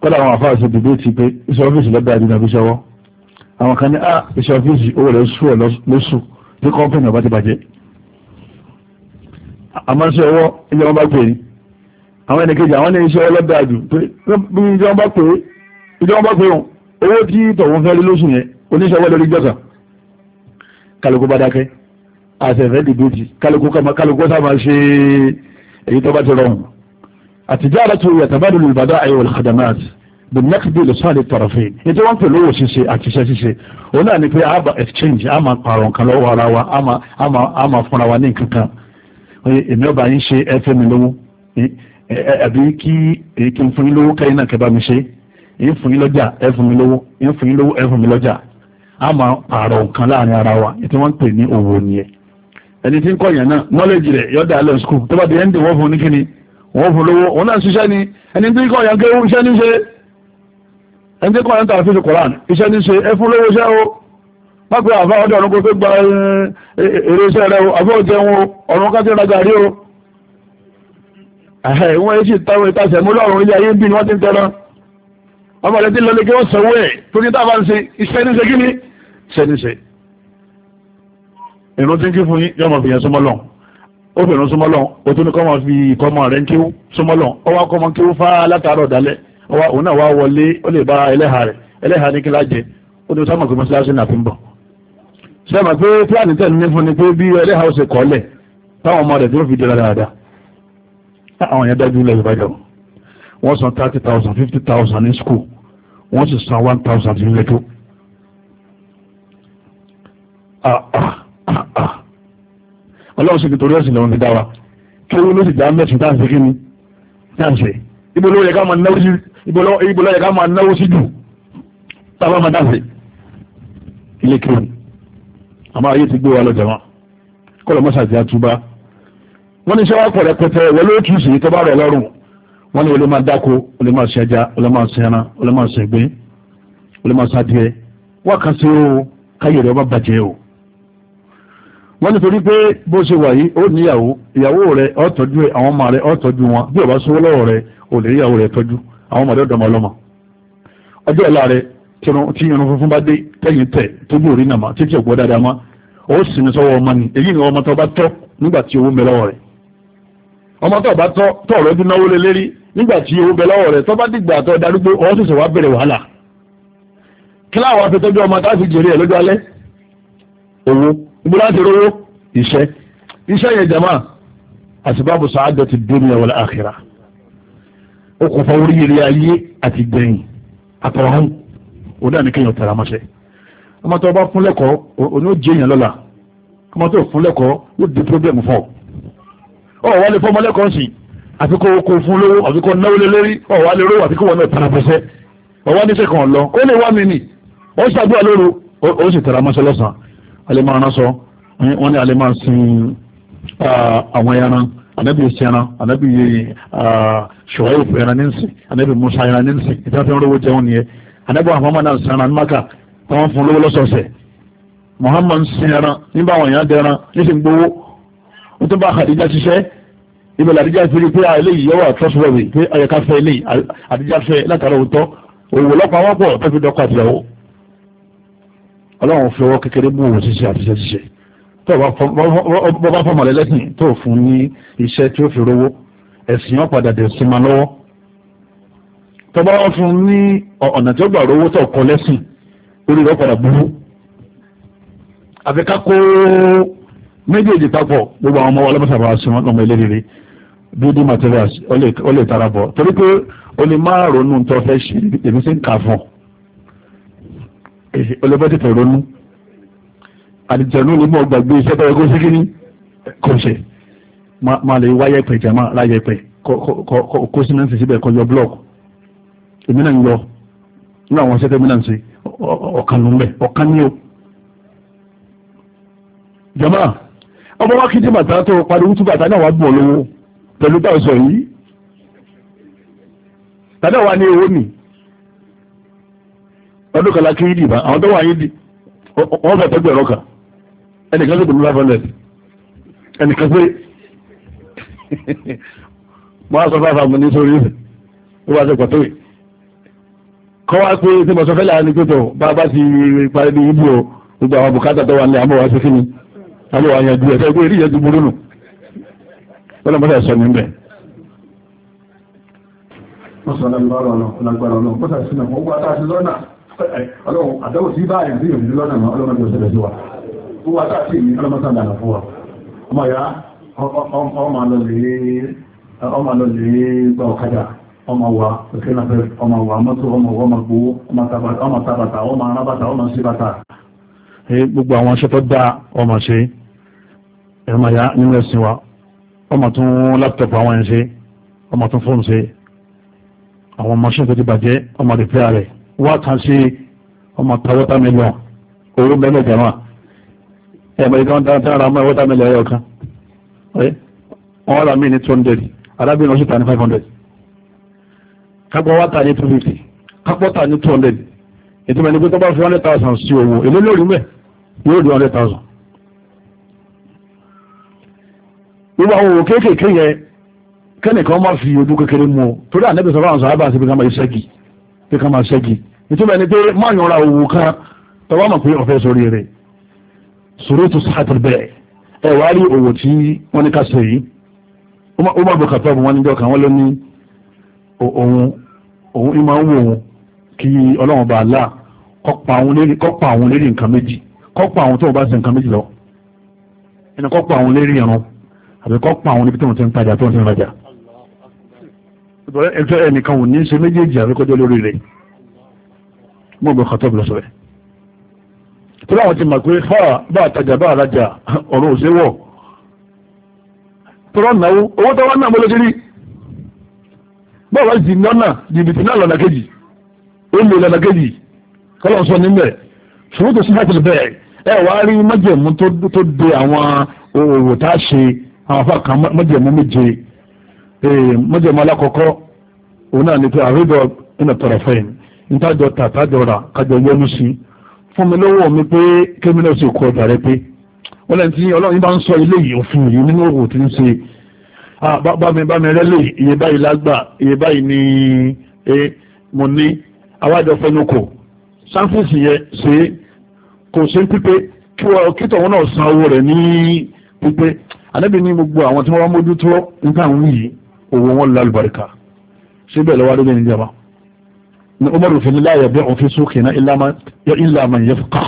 kọ́lá àwọn àfáà ṣe dìde ti pé iṣẹ́ ọ́fíìsì lọ́dọ̀ àdínà fi ṣọwọ́ àwọn kan ní ah iṣẹ́ ọ́fíìsì owó rẹ̀ sùn ẹ̀ lóṣù tí kọ́ńpìnì ọba ti bàjẹ́ àmọ́ iṣẹ́ ọwọ́ ilé wọn bá pè é àwọn ẹnìkejì àwọn ní iṣẹ́ ọlọ́dọ̀ àjù pé bí pè é ìjọ wọn bá pè é owó tí tọ̀wọ́n fẹ́ lóṣù yẹn oníṣẹ́ ọwọ́ lórí jọ́sà kálukú bá dákẹ́ àṣẹ̀fẹ́ dìbò ti kálukú sábà ṣe é èyí tó bá ti rọrùn àtijaratu yatabadalu al-bada'i wal-khadamat bìnẹ́kìdì lè sọ́ọ̀lì tọ̀rọ̀fẹ́ ní tí wọ́n ń pè lówó ṣíṣe àti iṣẹ́ ṣíṣe òun náà ni pé a bá exchange a máa pààrọ̀ nǹkan lọ́wọ́ ara wa a máa fúnra wa ní nǹkan kan èmi ọba yín ṣe ẹ fẹ́ mi lówó àbí kí èyí kí n fún yín lówó kẹ́yìn náà kẹ́ mi ṣe èyí fún yín lọ́jà ẹ mi lówó èyí fún yín lówó ẹ mi lọ́jà a máa pààrọ̀ nǹkan láàrin ara wa ní tí wọ́n pè ní òwò nìyẹn ẹni tí ń kọ̀yàn náà nọ́lẹ̀jì rẹ̀ yọ́dà alẹ́ skul tó bá di ẹni tí wọ́n fún ní kíni wọ́n fún lówó òun náà ṣiṣẹ́ ni ẹni tí ń kọ̀yàn kéwú iṣẹ́ ní ṣe ẹni tí kọ̀yàn tàbí fi koran iṣẹ́ ní ṣe ẹ fún lówó iṣẹ́ o pápẹ́ àfa ọdẹ ọ̀run kò fẹ́ gba èrè iṣẹ́ rẹ o àfẹ́ òjẹ wọn ọ̀run ká ti ra gàrí o ìwọ̀n yìí sì táwọn ìtasẹ̀ mú lọ́rùn ilé ayé ń bí ni wọ́n ti ń tẹ́ran ọmọ rẹ̀ ti lọlé kí wọ́n sanwó ẹ̀ torí táwọn ń ṣe iṣẹ́ ní ṣe kí ni iṣẹ́ ní ṣe ìrún tí ń kí fún yín yọmọ fi yẹn súnmọ́ lọ ó fi ìrún súnmọ́ lọ ó tún ní kọ́ mọ̀ fi ìkọ́ mọ̀ rẹ̀ ń kíw súnmọ́ lọ ó wá kọ́ mọ̀ kíw fá látàárọ̀ dálẹ̀ òun náà wá wọlé ó lè bá ẹlẹ́hà rẹ̀ ẹlẹ́hà ní kí lájẹ ó ní sámọ̀ pé mọ́sálásí náà fi ń bọ̀ sẹ́mọ̀ pé pílánì tẹ̀ ní fún ni pé bí ẹlẹ́hà ó ṣe kọ́lẹ̀ táwọn ọmọ rẹ̀ tó fi dira dáadáa àwọn yẹn dájú ilẹ̀ ìbàdàn wọ́n san thirty thousand fifty thousand ní school wọ́n sì san one thousand ní lẹ́tọ́ ah, ah ọlọ́run sì ti torí ẹ̀sìn lọ́run ti dá wa kí owó ló sì dá mẹ́sìn tá à ń ṣe kí ni tá à ń ṣe ibo ló yẹ ká máa náwó sí ibo ló yẹ ká máa náwó sí jù tábà máa dáṣe ilé kí ni àmọ́ ayé ti gbé wa lọ́jà wọn kọ́lọ̀ mọ́sá àti àtúbá wọ́n ní sẹ́wà pọ̀ rẹpẹtẹ wọ́n ló tún sí tọ́ba rẹ̀ lọ́rùn wọ́n ní olè máa dáko olè máa ṣe ẹja olè máa ṣe ẹran olè máa ṣe ẹgbẹ́ olè máa ṣe adìẹ wọ́n kàn sí o káyọ̀ rẹ̀ ọba bàjẹ́ o wọ́n ní torí pé bó ṣe wà yìí ó níyàwó ìyàwó rẹ ó tọ́jú àwọn ọmọ rẹ ó tọ́jú wọn bí ó bá sówó lọ́wọ́ rẹ ò lè ríyàwó rẹ tọ́jú àwọn ọmọdé ọ̀dọ́mọ ọlọ́mọ ọjọ́ ìlà rẹ tí irun funfun bá dé tẹ́yìn tẹ̀ tójú òrí nàmá títí ọ̀gbọ́ dáadáa má ó sì ní sọ́wọ́ ọmọ ni èyí ni ọmọ tó bá tọ́ nígbà tí owó ń bẹ lọ́wọ́ rẹ̀ ọmọ tó bá tọ́ tọ́ ọ̀rọ̀ bí náwó lé lérí nígbà tí owó ń rẹ̀ tó bá dìgbà tó darúgbó ọ̀ sì sọ̀wá bẹ̀rẹ̀ wàhálà kíláà wà fi ọmọ táà fi jèrè ẹ̀ lójú alẹ́ owó ìbúra ti rówó iṣẹ́ iṣẹ́ yẹn jama àsìbábù sàádọ́ ti dunya wal akhirah okùnfà oríire ayé àti gbẹ̀yìn àtọ̀hán òun náà ní kéèyàn tẹ̀ra mọ́ṣẹ́ ọmọ tó bá fún lẹ́kọ̀ọ́ òun yóò jẹ́ èèyàn lọ́la ọmọ tó fún lẹ́kọ̀ọ́ yóò di pírọ́blẹ̀mù fún ọ ọ wà lè fọmọ lẹ́kọ̀ọ́ sí àfi kó kó fún lówó àfi kó náwó lé lórí ọ wà àfi kó wọn náà tẹ̀ra mọ́ṣẹ́ ọ wá níṣẹ́ kan lọ lè wá mi nì ó ṣàdúrà lóru ó sì tẹ̀ra mọ́ṣẹ́ lọ́sàn-án alẹ́mọ̀ aránṣọ wọ́n ní alẹ́mọ̀ sin àwọn ẹran anabi esi ẹran anabi ṣùwáyòfù ẹran ní nsìn anabi musa ẹran ní nsìn ìtàn fi ń rówó jẹun nìyẹn anabi muhammad náà sin ẹran ní maka táwọn fún lówó lọ́sọ̀ọ̀sẹ̀ muhammad sin ẹran nígbà àwọn èèyàn dẹran níṣẹ́ ń gbowó ó tún bá Khadija ṣiṣẹ́ ibẹ̀ làdíjà fi rí pé eléyìí yọ wà trustworthy pé ayọ̀ká fẹ́ eléyìí àdíjà fẹ́ látara òótọ́ òwò lọ́pàá wọ́pọ̀ tó fi dọ́kọ̀ àtìyàwó ọlọ́run fi ọwọ́ kékeré bù wò ṣiṣẹ́ àti iṣẹ́ ṣiṣẹ́ tó bá bá fọmọ lẹ́lẹ́sìn tó fún ní iṣẹ́ tí ó fi rówó ẹ̀sìn ọ̀padà dẹ̀ sí máa lọ́wọ́ tó bá wọ́n fún ní ọ̀nà tí ó gbà rówó tó kọ lẹ́sìn orí rẹ̀ padà burú àfi ká kó méjèèjì papọ̀ gbogbo àwọn ọmọ wa lọ́mọ́sàbà sí wọn lọ́mọ ilé rere building materials ó lè tara bọ̀ torí pé o lè má ronú tó fẹ́ ṣe èmi sì ń kà fún ọ olóbẹ́ tètè ronú àdìjẹ̀nú ni mo gbàgbé iṣẹ́ tó yẹ kó sí kíní kò ṣe máa lè wáyé pẹ̀ jẹ́ máa láyé pẹ̀ kó sí mẹ́sì síbẹ̀ kọjọ blọọkù èmi náà ń yọ nínú àwọn iṣẹ́ tó mi náà ń ṣe ọ̀kan ló ń bẹ̀ ọ̀kan ní o. jama ọmọ wa kí ní bàtà tó pariwo tú bàtà náà wà gbọ̀ lówó pẹ̀lú táwọn sọ yìí tàdá wa ní owó nìí ọdún kan láti yídì bá àwọn tó wà yídì wọ́n fẹ́ tẹ́gbẹ̀rọ kan ẹnìkan sí pẹ̀lú láfọ́lẹ̀ ẹnìkan pé mọ́ aṣọ fáfà mú ní sórí ìfẹ́ ó wá sí pàtó kọ́ wá pé tí mo sọ fẹ́lẹ̀ ní pẹ́tọ̀ bá bá ti parí ní ibú o gbogbo àwọn bùkátà tó wà ní àmọ́ wá sí kí ni àmọ́ wà yanjú ẹ̀ pé ìrìyẹ ti burú nù wọ́n mọ́tà sọ níbẹ̀ Wọ́n sọ̀rọ̀ lọ́rọ̀ lọ́gbàrọ̀ lọ́gbàrọ̀ sí náà, wọ́n gbá tá a ti lọ́nà ọlọ́run àdáwò sí báyìí sí ìrìn lọ́nà ọlọ́run ní ọ̀sẹ̀lẹ̀ sí wa ó wá sáà sí ìmí ọlọ́mọsán dànà fún wa ọmọ ya ọmọ lọ lè gba ọ̀kadà ọmọ wa òkèlàfẹ́ ọmọ wa mọ́tò ọmọ wa ọmọ gbowó ọmọ tabata ọmọ arábàtà ọmọ síbàtà gbogbo àwọn aṣẹ́ tó dá ọmọ ṣe ẹ̀rọ ya nínú ẹ̀sìn wa ọmọ tún láptọ̀pù àwọn ẹ̀ ṣe ọmọ tún fóònù ṣe àwọn mọ́ṣín tó ti bàjẹ́ ọmọ rìpẹ́à rẹ̀ wá tán sí ọmọ ta wọ́tàmílọ̀ owó bẹ́ẹ̀ jẹ̀mọ́ ẹ̀mọ̀ ìkan tán ra mọ́ wọ́tàmílọ̀ ẹ̀yọ̀ kan wọ́n rà mí ní two hundred arábìnrin oṣù ta ní five hundred kápọ̀ wá ta ní two fifty kápọ̀ ta ní two hundred ètò ìmọ̀ ní pé tó bá fi one hundred thousand sí owó èlé lórí mẹ́ yóò di one ìwà òwò kéékèèké yẹn kẹ́nìkan má fi ojú kékeré mu torí ànẹ́bí sọ fáwọn sọ pé ká máa ṣẹ́gi ìtumọ̀ ẹni pé má yànra òwò kan tọ́wọ́ mọ̀ pé ọ̀fẹ́ sórí rẹ̀ sòrótù sàtìrì bẹ́ẹ̀ ẹ wàá rí òwò tí wọ́n ní ká ṣe yìí ó má bọ̀ kàtọ́ bọ̀ wọ́n níjọ́ kan wọ́n ló ní òun òun ìmọ̀ ń wò òun kí ọlọ́run bá là kọ́pa àwọn lérí nǹkan méjì kọ́pa àwọn tó bá ṣe nǹkan méjì lọ ẹni kọ́pa àwọn lérí ẹran àbí kọ́pa àwọn níbi tó ń ti ń tajà tó ń ti ń rajà ẹ̀tọ́ ẹnìkan ò ní ṣe méjèèjì àríkọjọ́ lórí rẹ̀ mọ́ bọ̀ kàtọ́ bọ̀ sọ̀rẹ̀ tó láwọn ti mọ̀ pé fà bá àtajà bá àrajà ọ̀run òṣèwọ̀ tọ́rọ náwó owó tọ́wọ́ náà mọ́ lókèrí bọ́ọ̀lá sì lọ́nà jìbìtì náà lọ́nà kejì ó lè lọ́nà kejì kọ́lọ̀ sọ níbẹ̀ ṣùgbọ́n tó sífà tẹ̀lẹ̀ bẹ́ẹ̀ ẹ wá rí májẹ̀mú tó de àwọn òwò tá a ṣe àwọn afá kan májẹ̀mú méje Eh, mọ́jẹ̀mọ́ alákọ̀ọ́kọ́ òun náà ni pé àrídọ̀ iná tọ̀rọ̀ fẹ́yìn nítajọ tàtàjọ rà kájọ yọnu sí fún mi lọ́wọ́ mi pé kémínà sì kọ ọ̀dà rẹ pé wọ́n lẹ́yìn tí ọlọ́run yìí bá ń sọ ilé yìí òfin yìí nínú òwò tí ń ṣe ah, bámi bámi rẹ lè iye báyìí lágbà iye báyìí ni mo ní awájọ fẹnukò sáfíìsì yẹn ṣe kò ṣe pípé kí tọ̀wọ́n náà san owó rẹ̀ ní pípé anábì ní gbogbo àwọn tí wọ́n mójútó nǹkan wù yìí owó wọn lálùbáríkà síbẹ̀ lọ́wọ́ adébẹ̀ ní jama ní Umar rufin ní láyé bí òfin sókè náà ilá man yafqa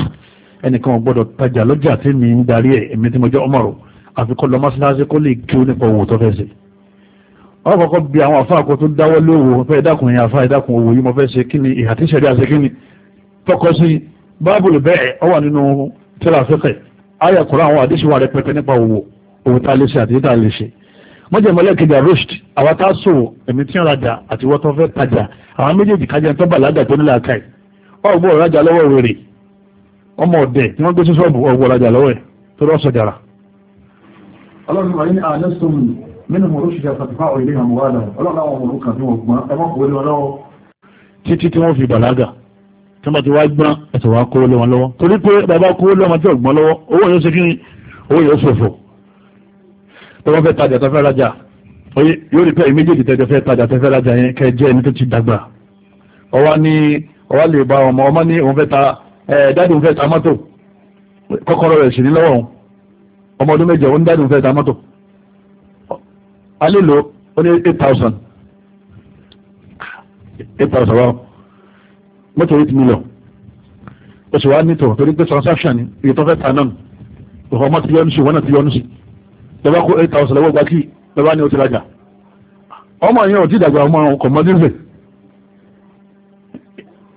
ẹnìkan gbọ́dọ̀ tajà lọ́jà tí mi ń darí ẹ̀ èmi tí mo jẹ́ Umar àfikọ́ lọ mọ́sálásí kó lè kí ó nípa owó tó fẹ́ ṣe wọ́n kọ́kọ́ bí àwọn àfáà kan tó dáwọ́ lówó fẹ́ ìdákùnrin àfáà ìdákùn owó yìí mo fẹ́ ṣe kíni ìhà tí ṣẹ̀dá ṣe kíni tọkọ sí báàbùlù bẹ́ẹ̀ ọ wà nínú tíra fẹ́fẹ́ ayà àwọn àdéṣe wà rẹpẹtẹ nípa owó owó tá a lè ṣe àti tá a lè ṣe mọ́jẹ̀mọ́lẹ̀ kẹjà roast àwọn tá a sò ẹ̀mí tí ń rajà àti wọ́n tó fẹ́ tajà àwọn méjèèjì kájà tó bàlágà tó nílà káì ọ̀gbọ́ ọ̀rajà lọ́wọ́ wèrè ọmọ ọ̀dẹ̀ tí wọ́n gbé sí sọ́ọ̀bù ọ̀gbọ́ ọ̀rajà lọ́wọ́ ẹ̀ tó lọ́ sọ̀jàrà. ọlọ́run wà ní àlẹ́ sọ́mù nínú mọ̀rọ́ṣìṣẹ́ fàtífà òyìnbí àwọn wà láwọn ọlọ́run àwọn ọmọ kan tí wọ́n gbọ́n ẹ̀wọ́n kò wọlé tọ́wọ́ fẹ́ tajà tẹ́fẹ́ rajà oye yóò rí pé èyí méjèèjì tẹ́jọ fẹ́ tajà tẹ́fẹ́ rajà yẹn kẹ́ jẹ́ ẹni tó ti dàgbà ọwá ní ọwá lè ba ọmọ ọmọ ní òun fẹ́ ta ẹ dáàdì òun fẹ́ ta mọ́tò kọ́kọ́rọ́ rẹ̀ sì ní lọ́wọ́ òun ọmọ ọdún méje òun dáàdì òun fẹ́ ta mọ́tò alẹ́ ó ní eight thousand eight thousand wa mọ́tò eight million oṣù wa nítò torí pé transaction ìyẹn tó fẹ́ ta náà ọmọ ti yọ ọ́nùsì wọn náà ti yọ ọ́nùsì lọ́ba kó eight thousand lọ́wọ́ gba kí lọ́ba ní o ti rajà ọmọ yẹn ò ti dàgbà ọmọ ọkọ̀ mọ́tí fẹ̀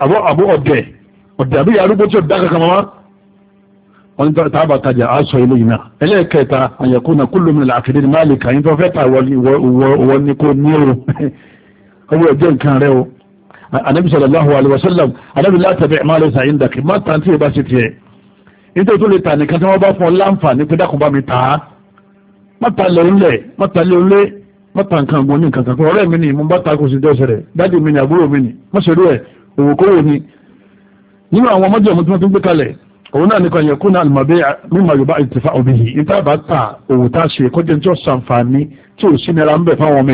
àbọ̀ àbọ̀ ọ̀dẹ̀ ọ̀dẹ̀ àbí arúgbó tí ò dá kankan mọ́ wọn ta tábà tajà á sọ ilé yìí náà ẹlẹ́ẹ̀kẹta àyẹ̀kúnà kúlùmí làákìlì ní máàlì kàyín tó fẹ́ ta wọ ni kò ní o owó ẹ̀jẹ̀ nǹkan rẹ o anabi sallallahu alayhi wa sallam anabi látàbí ìmàlẹ̀ sàyìn dàkì má tàǹtì ìbá ṣe tiẹ̀ nítorí tó lè tà nìkan tí wọ́n bá fún ọ láǹfààní pé dákùn bá mi tà á mọ́tàlẹ̀ ńlẹ̀ mọ́tàlẹ̀ ńlẹ̀ mọ́tà nǹkan ọ̀gbọ́n ní nǹkan kan ọ̀rẹ́ mi ni mo bá ta kò sí dẹ́sẹ̀ rẹ̀ dájú mi ni àbúrò mi ni mọ́sẹ̀rú ẹ̀ òwòkówò ni nínú àwọn ọmọdé ọmọ tí wọ́n tún gbé kalẹ̀ òun náà nìkan yẹ kó náà màbẹ́ mímọ yorùbá ìtìfà òbí yìí ìta bá ta òwò tá a ṣe kọjá tí ó tí ò sí nira ń bẹ̀ fáwọn ọmọ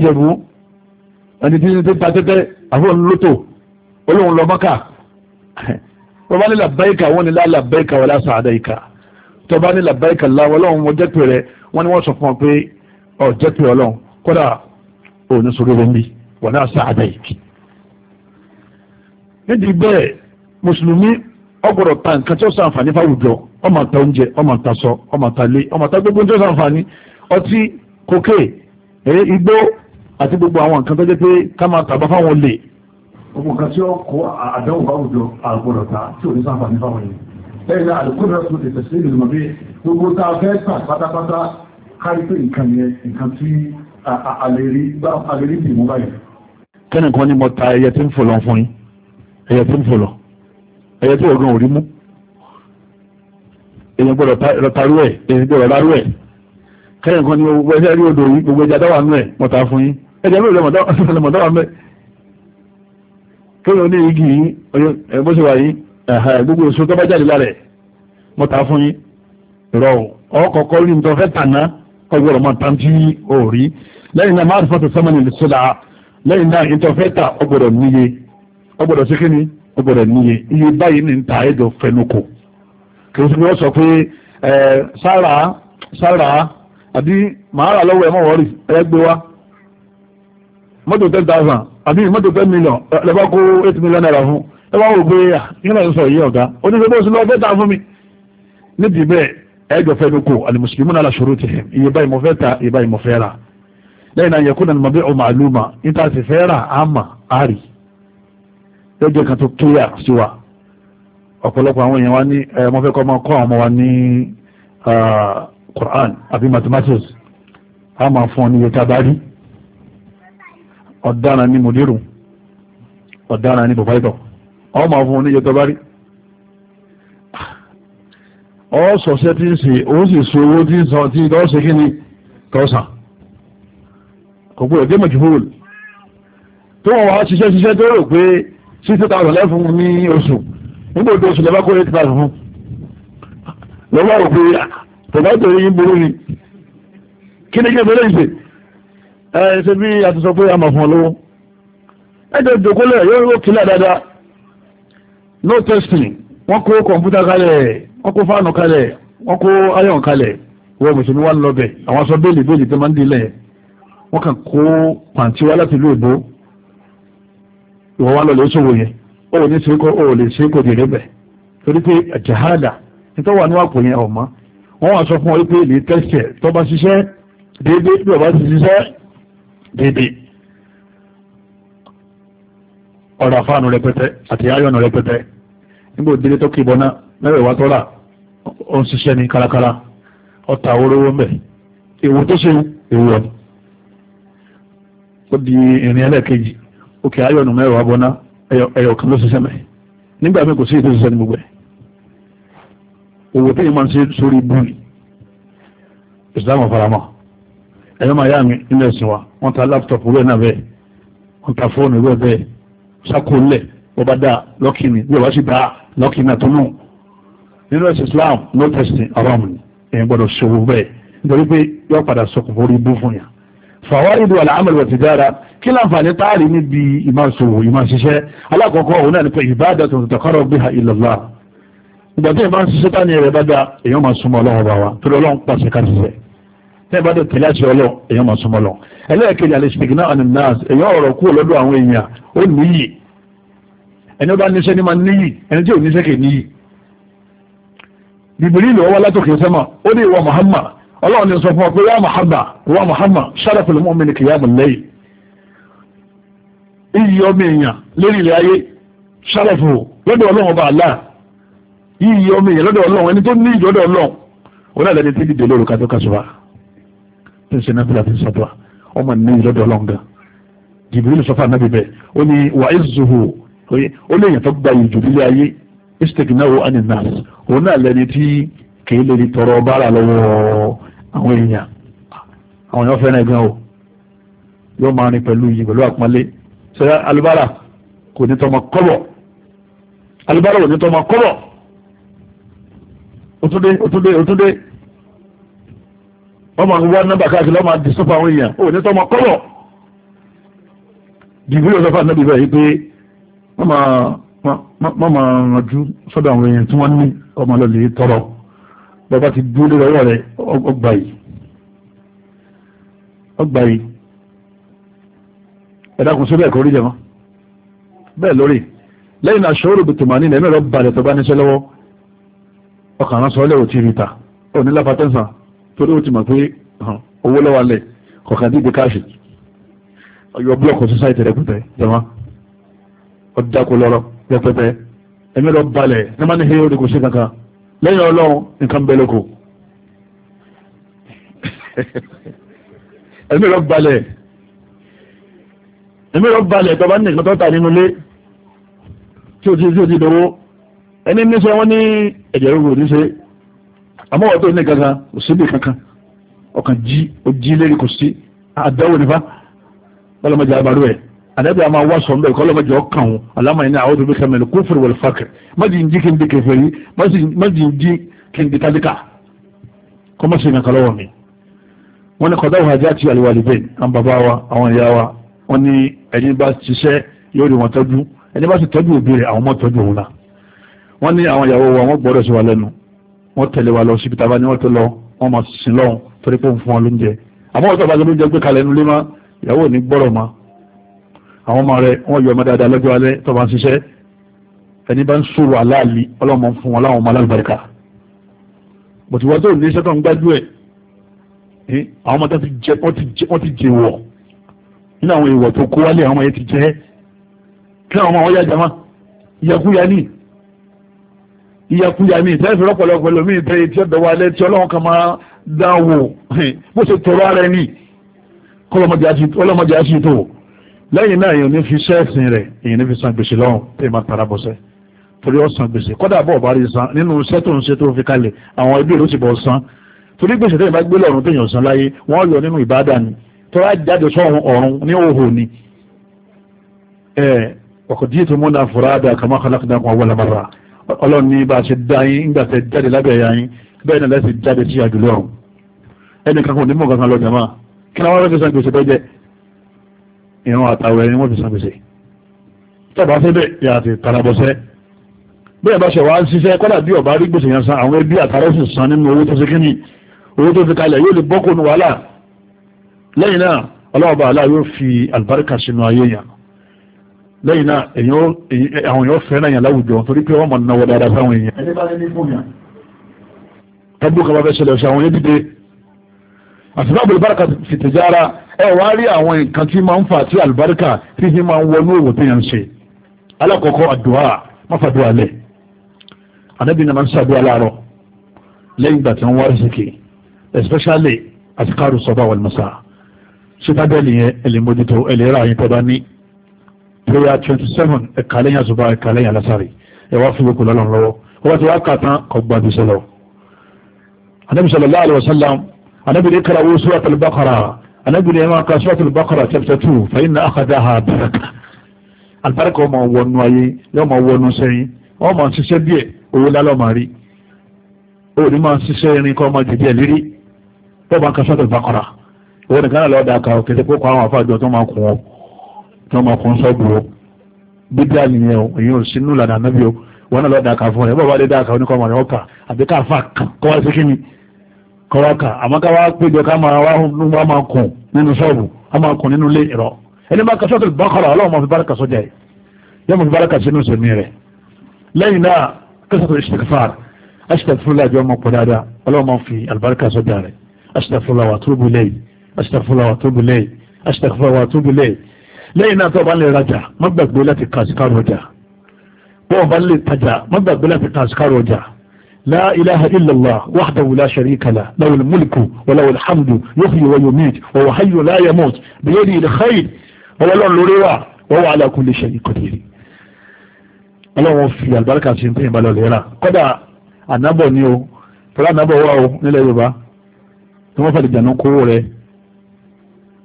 èèyàn ẹni tí ń ta tẹ́tẹ́ àfọ̀n lótò olóhùn lọ mọ́kà tọba ní làbáyíkà wọn ni lálàbáyíkà wọlé àsàdáyíkà tọba ní làbáyíkà láwọn ọlọ́run wọn jẹ́ pé rẹ wọn ni wọ́n sọ fún ọ pé ọ jẹ́ pé ọlọ́run kódà ò ní sọ̀rọ̀ rẹ̀ mi wọlé àsàdáyíkà. nídìí bẹ́ẹ̀ mùsùlùmí ọgbọ̀rọ̀ ta nǹkan tí ó sàǹfààní fáwùjọ ọmọ ta oúnjẹ ọmọ ta sọ ọmọ ta lé ọmọ ta gbogbo tí ó sàǹfààní ọtí kókè eh, igbó àti gbogbo àwọn nǹkan tó jẹ́ pé ká máa tàbá fáwọn olè. gbogbo nǹkan tí ó kó àdánwò báwùjọ àgbọ̀dọ̀ ta tí ò ní sáfà ní fáwọn yìí lẹ́yìn náà àlùkùnrin ọ̀sùn ti tẹ̀sí ìlú mọ̀ gbogbo tá a fẹ́ tà pátápátá kárí pé nǹkan yẹn nǹkan tí àlérí bì mú báyìí. kẹ́nì kan ní mo ta ẹyẹ tí ń fò lọ fún yín ẹyẹ tí ń fò lọ ẹyẹ tí ògùn ò rí mú èyàn gbọ́dọ̀ tarú ẹ̀ èyàn gbọ́dọ̀ larú ẹ̀ kẹ́nì kan ní gbogbo ẹjẹ́ rí odò yìí gbogbo ẹjẹ́ adáwà nú ẹ̀ mo ta fún yín ẹ̀jẹ̀ mi ò lọ́mọ̀dọ́ wà mẹ́ kéèyàn ní igi yìí bó ṣe wà yìí gbogbo èso tó bá jáde lára ẹ̀ mo ta fún yín rọ ọkọ̀ọ̀kọ́ rí nítorí fẹ́ tàná ọgbọ̀rọ̀ máa tán tí ò rí lẹ́yìn náà máa fọ́tò sọ́mọ́nì sọ́dà lẹ́yìn náà nítorí fẹ́ tà ọgbọ̀rọ̀ níye ọgbọ̀rọ̀ sí kíni ọgbọ̀rọ̀ níye iye báyìí ní ta ẹ̀jọ̀ fẹnukò kì í sọ pé sára sára àbí màá rà lọ́wọ́ ẹ̀ mọ̀ wọ́rì mọ́tò ten thousand àbí mọ́tò ten million lẹ́bàá kó eight million naira fún lẹ́bàá wò pé yín náà ń sọ yìí ọ̀gá oníṣẹ́ bó ṣe lọ fẹ́ ta fún mi níbi bẹ́ẹ̀ ẹ̀jọ̀ fẹ́ mi kó alimusulimu náà laṣọ̀rọ̀ ti hẹ̀m iye báyìí mo fẹ́ ta iye báyìí mo fẹ́ ra lẹ́yìn náà yẹkùn náà mọ̀bí ọmọ àlùmá níta sì fẹ́ ra àmà àrì lọ́jọ́ kan tó kíyà sí wa ọ̀pọ̀lọpọ̀ àwọn èèyàn wa ní mo fẹ́ kọ́ ọmọ wa ní ah, ọ̀daràn ni mòdìrù ọ̀daràn ni bọ̀báìtọ̀ ọmọ fún oníjẹ tó bá rí ọ́sọ̀ṣẹ́ tí ń ṣe ó sì so owó tí ń san tí lọ́ọ̀ṣẹ́ kí ni tọ́sàn kò gbọ́dọ̀ dé mọ̀júfóòlù tó wọ́n wá ṣiṣẹ́ ṣiṣẹ́ tó rò pé sixty thousand lẹ́fún ní oṣù nígbà tó oṣù lẹ́bàá kó eight thousand fún lọ́wọ́ rò pé tòbátò ah, yìí burú ni kí ni kí ni bẹ́ẹ̀ ń ẹ ṣe bí a ti sọ pé a mọ̀ fún ọ ẹjọ́ ìdókólẹ̀ yóò rí òkìlẹ̀ dáadáa no testing wọ́n kó kọ̀ǹpútà kalẹ̀ wọ́n kó fáànù kalẹ̀ wọ́n kó ayọ̀n kalẹ̀ wọ́n mùsùlùmí wà lọ́bẹ̀ àwọn aṣọ bẹ́ẹ̀lì bẹ́ẹ̀lì tó máa ń dilẹ̀ wọ́n kàn kó pàǹtí wá láti ìlú ìbò ìwọ wá lọ́lẹ̀ oṣòwò yẹn ó ní ṣe kó ó lè ṣe kó dèrè bẹ̀ torí pé jahada nítorí wà ní wàpò yẹn ọ̀mọ́ wọ́n wá sọ fún ọ pé lè tẹ́sẹ̀ tó ṣiṣẹ́ déédéé bí ọba ti ṣiṣẹ́ déédéé ọ̀rọ̀ àfáànù rẹpẹtẹ àti ayọ̀nù rẹpẹtẹ nígbà òdílé tó kìbọn náà mẹ́wẹ̀ẹ́ wá tọ́lá ó ń ṣiṣẹ́ ní kárakára ọ̀tà orówó ń bẹ̀ èwo tó ṣe èwo ọ̀nà ó di ìrìn ẹlẹ́ẹ̀kejì òkè ayọ̀nù mẹ́wẹ̀ẹ́ bọ́ná ẹyọ kan ló ṣiṣẹ́ mẹ́ nígbà mi kò sí ètò ṣiṣẹ́ ní gbogbo ẹ̀ òwò tó yẹ máa ń ṣe sórí bùnì ìsìlámù faramọ́ ẹ̀yọ́ máa yá mi nílẹ̀ ẹ̀sìn wa wọ́n ta láptọ̀pù rẹ̀ náà bẹ́ẹ̀ wọ́n ta fóònù rẹ̀ bẹ́ẹ̀ sákò ńlẹ̀ wọ́n bá dá lọ́kì ni bí wọ́n sì dá lọ́kì náà tó nù nínú ẹ̀sìn Islam no testing haram ni èyàn gbọ́dọ̀ ṣòwò bẹ́ẹ̀ nítorí pé yọ padà sọkùn forí bú fún yà fàwárí ìdúwà làámàlì wà tìjára kí láǹfààní táàrí níbi ìmáṣòwò ìmáṣiṣẹ́ alákọ̀ọ́kọ́ òun náà ni pé ìbáàdà tó tàkọ́rọ̀ bí ha ilallah ìgbà tí ìmáṣiṣẹ́ tá ní ẹ̀rẹ̀ bá dá èèyàn máa súnmọ́ ọlọ́run bá wa torí ọlọ́run pàṣẹ ká tẹ́ẹ̀bá tó tẹ̀lé àṣẹ ọlọ́ èèyàn máa súnmọ́ lọ ẹlẹ́ẹ̀kejì àlẹ́sìtìgì náà ní nas èèyàn ọ̀rọ̀ kú lọ́dọ̀ àwọn èèyàn ó níyì ẹni ó bá níṣẹ́ ní máa níyì ẹni tí ò níṣẹ́ kì í níyì bìbìrì ìlú ọwọ́ látòkè sẹ́mà ó ní ìwà Muhammad ọlọ́run ní sọ fún ọ pé wà Muhammad wà Muhammad sharaful mu'min qiyamul layl iyì ọmọ èèyàn lérí ilẹ̀ ayé sáràfù lọ́dọ̀ ọlọ́run ọba àlá iyì ọmọ èèyàn lọ́dọ̀ ọlọ́run ẹni tó tí ń ṣe náà fúlàfin sàdúrà ọmọ ní ìlọ́dọ̀ ọlọ́ngàn jìbìrì sọ fún anábì bẹ́ẹ̀ ó ní wà á zòwò ó lè yàn tó gba ìjòbílé ayé istignawo aninas òun náà lẹni tí kì í lè di tọrọ bára lọ́wọ́ àwọn èèyàn àwọn èèyàn fẹ́ràn gan o yóò máa rìn pẹ̀lú yìí pẹ̀lú àpọ́nlé ṣe alubára kò ní tọmọ kọ́bọ̀ alubára kò ní tọmọ kọ́bọ̀ òtúndé òtúndé òtúndé wọ́n máa wá nọ́mbà káàkiri wọ́n máa di sọ́fà àwọn èèyàn ò ní tọ́ ọmọ kọ́lọ̀ dìbìlì ọ̀sọ́fà náà bíbẹ̀ yìí pé wọ́n máa rànjú sọ́dọ̀ àwọn èèyàn tí wọ́n ní ọmọ lọ́lẹ̀ tọrọ bàbá ti dúró lórí ọwọ́ rẹ̀ ọgbà yìí ọgbà yìí ẹ̀dá kùn sí bẹ́ẹ̀ kò rí jẹ́ wọn bẹ́ẹ̀ lórí lẹ́yìn náà ṣòro bìtìmọ̀ ní ẹ̀mí rẹ̀ balẹ̀ tó bá níṣẹ́ lọ́wọ́ ọkàn ránṣọ́ lẹ́wọ̀ tí ì torí ó ti mọ̀ pé owó lọ́wọ́ alẹ̀ kọ̀ọ̀kan dídé káàṣì ọyọ blọọkù sọsáìtì rẹpẹtẹ jọba ọdídàkọ lọrọ rẹpẹtẹ ẹmí lọ balẹ̀ ní má ní hẹ́yẹ́ òde kò sí kankan lẹ́yìn ọlọ́run nǹkan bẹ́ẹ̀ lóko ẹmí lọ balẹ̀ ẹmí lọ balẹ̀ tọba ní nǹkan ta nínú ilé tí o ti tí o ti dọwọ́ ẹni ní sọ wọn ní ẹ̀jẹ̀ rúgbò ní ṣe àmọ́ wọ́n tó ní gangan kò síbi kankan ọkàn jí ó jí lérí kò sí àdáwò nípa ọlọ́mọdé àbárò ẹ̀ àdábì àmà wá sọ mbẹ́ ọlọ́mọdé ọkàn wọn alámà iná àwọn tó kẹmẹ́lì kó fèrè wọlé fàkẹ́ má ń jí kí n di kẹfẹ́ yìí má ń jí kí n di tálíkà kọ́ mọ́ sí lọ́wọ́ mi wọ́n ní kọ́dá òhàjá ti àlùwàlìbẹ̀ àwọn bàbá wa àwọn ìyá wa wọ́n ní ẹni bá ṣiṣẹ́ yóò rí wọn tọ́jú ẹni bá sì tọ́jú òbí rẹ̀ àwọn ọmọ tọ́jú òun la wọ́n ní àwọn ìyàwó wa wọ́n gbọ́dọ̀ sí wọ́n tẹ̀lé wa lọ síbi tàbá ni wọ́n tó lọ wọ́n máa sin lọ́hùn torí pé òun fún wọn lóúnjẹ àmọ́ ọ̀tọ̀ bá lóúnjẹ gbé kalẹ̀ nulẹ̀ mọ́ ìyàwó ò ní gbọ́rọ̀ mọ́ àwọn ọmọ rẹ̀ wọ́n yọ ọmọ dáadáa lọ́jọ́ alẹ́ tó bá ń ṣiṣẹ́ ẹni bá ń sọ̀rọ̀ aláàlì ọlọ́mọ fún wọn láwọn ọmọ alábàríkà bọ̀tùwọ́ tó ní iṣẹ́ tó ń gbájú ẹ̀ àwọn ọmọ tó ti jẹ wọ́n ti jẹ wọ̀ ti jẹ́ kí ìyàkuyà mi ìtẹ́fẹ́ rọ́pọ̀lọpọ̀ lómi ìtẹ́ tí ó dọ̀wọ́ alẹ́ tí ọlọ́run kan máa dáwò bó ṣe tọrọ ara ẹni kọlọmọdé àti ìtò lẹ́yìn náà èèyàn ní fi sẹ́ẹ̀sìn rẹ̀ èèyàn ní fi san gbèsè lọ́rùn tẹ́ máa tara bọ́sẹ̀ torí ó san gbèsè kọ́dà bọ̀ bá rí san nínú iṣẹ́ tó ń ṣe tó fi kalẹ̀ àwọn ẹbí ló sì bọ̀ san torí gbèsè tẹ́yìn bá gbé lọ́rùn téèyàn san láyé wọ́n lọ nínú ìbádà ni tọ́lá jáde sọ́run ọ̀run ní òhò ni ọkọ̀ díẹ̀ tó múná fúra dà kàmákàlákàdà kan wọ́n lábára ọlọ́run ní bá ṣe dá yín nígbà tẹ́ jáde lábẹ́ ẹ̀yà yín bẹ́ẹ̀ náà lẹ́sìn jáde sí àjùlọ ọ̀hún ẹnì kan kò ní mọ̀ kankan lọ jàmá kí ni wọ́n fẹ́ fi san gbèsè tó jẹ ìran àtàwọ̀ ẹni wọ́n fi san gbèsè tọ́ba ṣe bẹ́ẹ̀ yà àti tarabọ́sẹ́ bẹ́ẹ̀ bá ṣe wá ń ṣiṣẹ́ kọ́dà bí ọba rí gbèsè yẹn san àwọn ẹbí àtàrà sì san nínú owó tó ṣe kíni owó tó fi kalẹ̀ yóò lè bọ́kùn wàhálà lẹ́yìn náà ọlọ́ọ̀bà aláà yóò fi àlùbáríkà sínú ayé yàn lẹ́yìn náà àwọn èèyàn fẹ́ràn yàn láwùjọ torí pé wọ́n mọ̀ náwó dáadáa fáwọn èèyàn. ẹni bá ní fún yàn. tábù kaba fẹ́ ṣẹlẹ̀ ṣe àwọn yẹn dìde. àtúntò àbúrúbáraka fi tẹ̀jára ẹ wá rí àwọn nǹkan tí máa ń fà tí àlùbáríkà tí yìí máa ń wọnú òwò tó yàn ń ṣe. alákọ̀ọ́kọ́ àdúrà má fà dùn àlẹ́. ànábì náà máa ń ṣàdúrà láàárọ̀ lẹ́yìn ìgbà tí wọ́n wá rìsìkì especially àtikáàrù sọ́bà wàlùmọ́sà ṣé tábẹ́ẹ̀lì yẹn ẹ̀lẹ́mọ́dútó ẹ̀lẹ́rà yín tọ́ bá ní prayer twenty seven ẹ̀ka lẹ́yìn àṣùbà ẹ̀ka lẹ́yìn alásàrì ẹ̀ wá fún gbogbo lọ́lọ́run lọ́wọ́ wọ́n ti wá kà tán kọ́ gba àdúsọ lọ. anabi sallallahu alayhi wa sallam anabi ní kala wo surat al-baqara anabi ní ẹ̀ma ka surat al-baqara chapter two fa inna akhadaha baraka albaraka ọmọ wọnú ayé yóò máa wọnú sẹ́yìn ọmọ ṣiṣẹ́ díẹ̀ owó lálọ́ máa rí òní máa ṣiṣẹ́ irin kọ́ máa jù díẹ̀ lérí bọ́ọ̀ máa ka surat al-baqara òun nìkan náà lọ́ọ́ dà ká òkè tó kọ́ àwọn àfáàjọ tó máa kù wọn tí wọ́n máa kún sọ́ọ̀bù o bíbí àlìyẹn o èyí ò sínú ìlànà ànábì o wọn náà lọ da àkà fún rẹ bọ́ọ̀ bá dé da àkà oníkọ̀ọ́mọ̀ rẹ ọkà àbí ká fà kàn kọ́ wá sí kí ni kọ́ wá kà àmọ́ ká wá péjọ ká máa wá máa kùn nínú sọ́ọ̀bù á máa kùn nínú ilé ìrọ̀ ẹni bá ka sọ́ọ̀tù bọ́kọ̀rọ̀ ọlọ́run máa fi báraka sọ́jà sọ́jà rẹ̀ asitafurula lẹ́yìn náà tó o bá lè rajà má gbàgbé láti kà sí kárò ọjà bó o bá lè tajà má gbàgbé láti kà sí kárò ọjà la ilaha illallah wahdahu la sharika la lawul mulku wa lawul hamdu yuhyi wa yumit wa huwa hayyu la yamut bi yadihi alkhayr wa huwa lórí wa wa huwa ala kulli shay'in qadir ọlọ́run fi àlùbáríkà sí ní ìbálẹ̀ ọ̀lẹ́ra kódà ànábọ̀ ni o fọlá ànábọ̀ wà o nílẹ̀ yorùbá tí wọ́n fẹ́ lè jànú kówó rẹ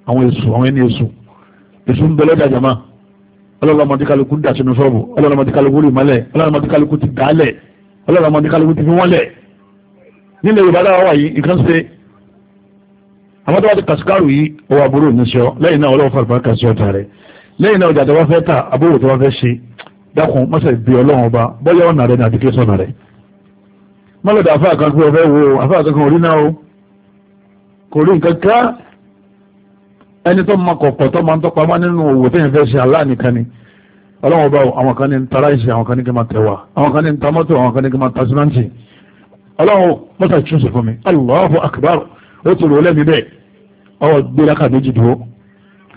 àwọn èso àwọn ẹni èso èso ń bẹ lọ́dà jama ọlọ́lọ́mọdé kálukú dà sínú sọ́ọ̀bù ọlọ́lọ́mọdé kálukú rì mọ́lẹ̀ ọlọ́lọ́mọdé kálukú ti dálẹ̀ ọlọ́lọ́mọdé kálukú ti fi wọ́n lẹ̀ nílẹ̀ yorùbá dára wà yìí nǹkan ṣe àwọn tó bá ti kàṣíkàrù yìí ọwọ́ àbúrò níṣọ́ lẹ́yìn náà ọlọ́wọ́ fàlùfà kàṣí ọ̀tà rẹ̀ lẹ́yìn náà ọjà tó bá fẹ́ ta àbúrò tó bá ẹni tó ma kọ̀kọ̀ tó ma ń tọ́pa má nínú òwò téèyàn fẹ́ ṣe aláà ni ọlọ́run ọba àwọn kan ní ń tara ìṣe àwọn kan ní kí n máa tẹ̀wà àwọn kan ní ń ta mọ́tò àwọn kan ní kí n máa ta sinanti ọlọ́run mọ́tà túnṣe fún mi Allahu akbar ó ti rò lẹ́mi bẹ́ẹ̀ ọwọ́ gbéra kà méjì dúró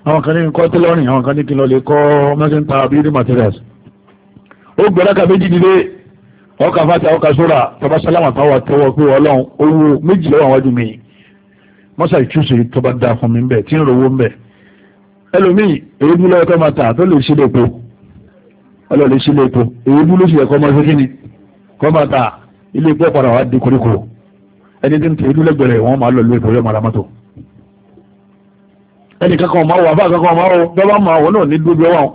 àwọn kan ní kọ́ tẹ́lọ́rìn àwọn kan ní kí n lọ lè kọ́ mẹ́sẹ̀ntà building materials ó gbéra kà méjì dìde ọkà fàtà ọkà sóra tọ́ba sálámà táwà tẹ́wọ́ pé ọlọ́run owó méjì lọ́wọ́ mi mọ́sá ìtúsí tó bá dáa fún mi ń bẹ̀ tí ń rówó ń bẹ̀ ẹlòmíì èébú lọ́wọ́ kọ́ máa tà tó lè sílé epo ọlọ́ lè sílé epo èébú ló sì yẹ kọ́ máa ṣe kíni kọ́ máa tà ilé epo padà wá di koríko ẹni tí ń tẹ ìdúlẹ̀ gbẹ̀rẹ̀ wọ́n máa lọ lé epo yọ màrà mọ́tò kankan máa wọ àbá kankan máa wọ bẹ́ẹ̀ bá máa wọ náà ní dúdú ọwọ́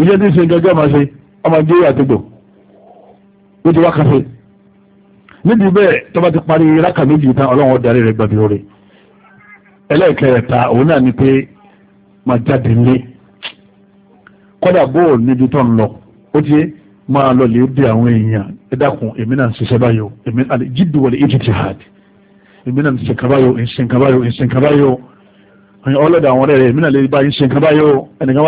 iṣẹ́ tí ń ṣe gẹ́gẹ́ máa ṣe ọmọ jẹ́ àtẹ̀gbò níbi bẹ́ẹ̀ tó bá ti parí rákà méjì tán ọlọ́run darí rẹ̀ gbàgbé orí ẹlẹ́ẹ̀kẹta òun náà ni pé máa jáde lé kọ́dà bóò níbi tó ń lọ ó ti máa lọ lè dé àwọn èèyàn ẹ dákun èmi náà ń ṣiṣẹ́ báyọ̀ èmi náà jíde wọlé ijtihad èmi náà ń ṣe kábáyọ̀ ń ṣe kábáyọ̀ ń ṣe kábáyọ̀ ọ̀yìn ọlọ́dà àwọn ọ̀rẹ́ rẹ̀ èmi náà lè bá ń ṣe kábáyọ̀ ẹnìkan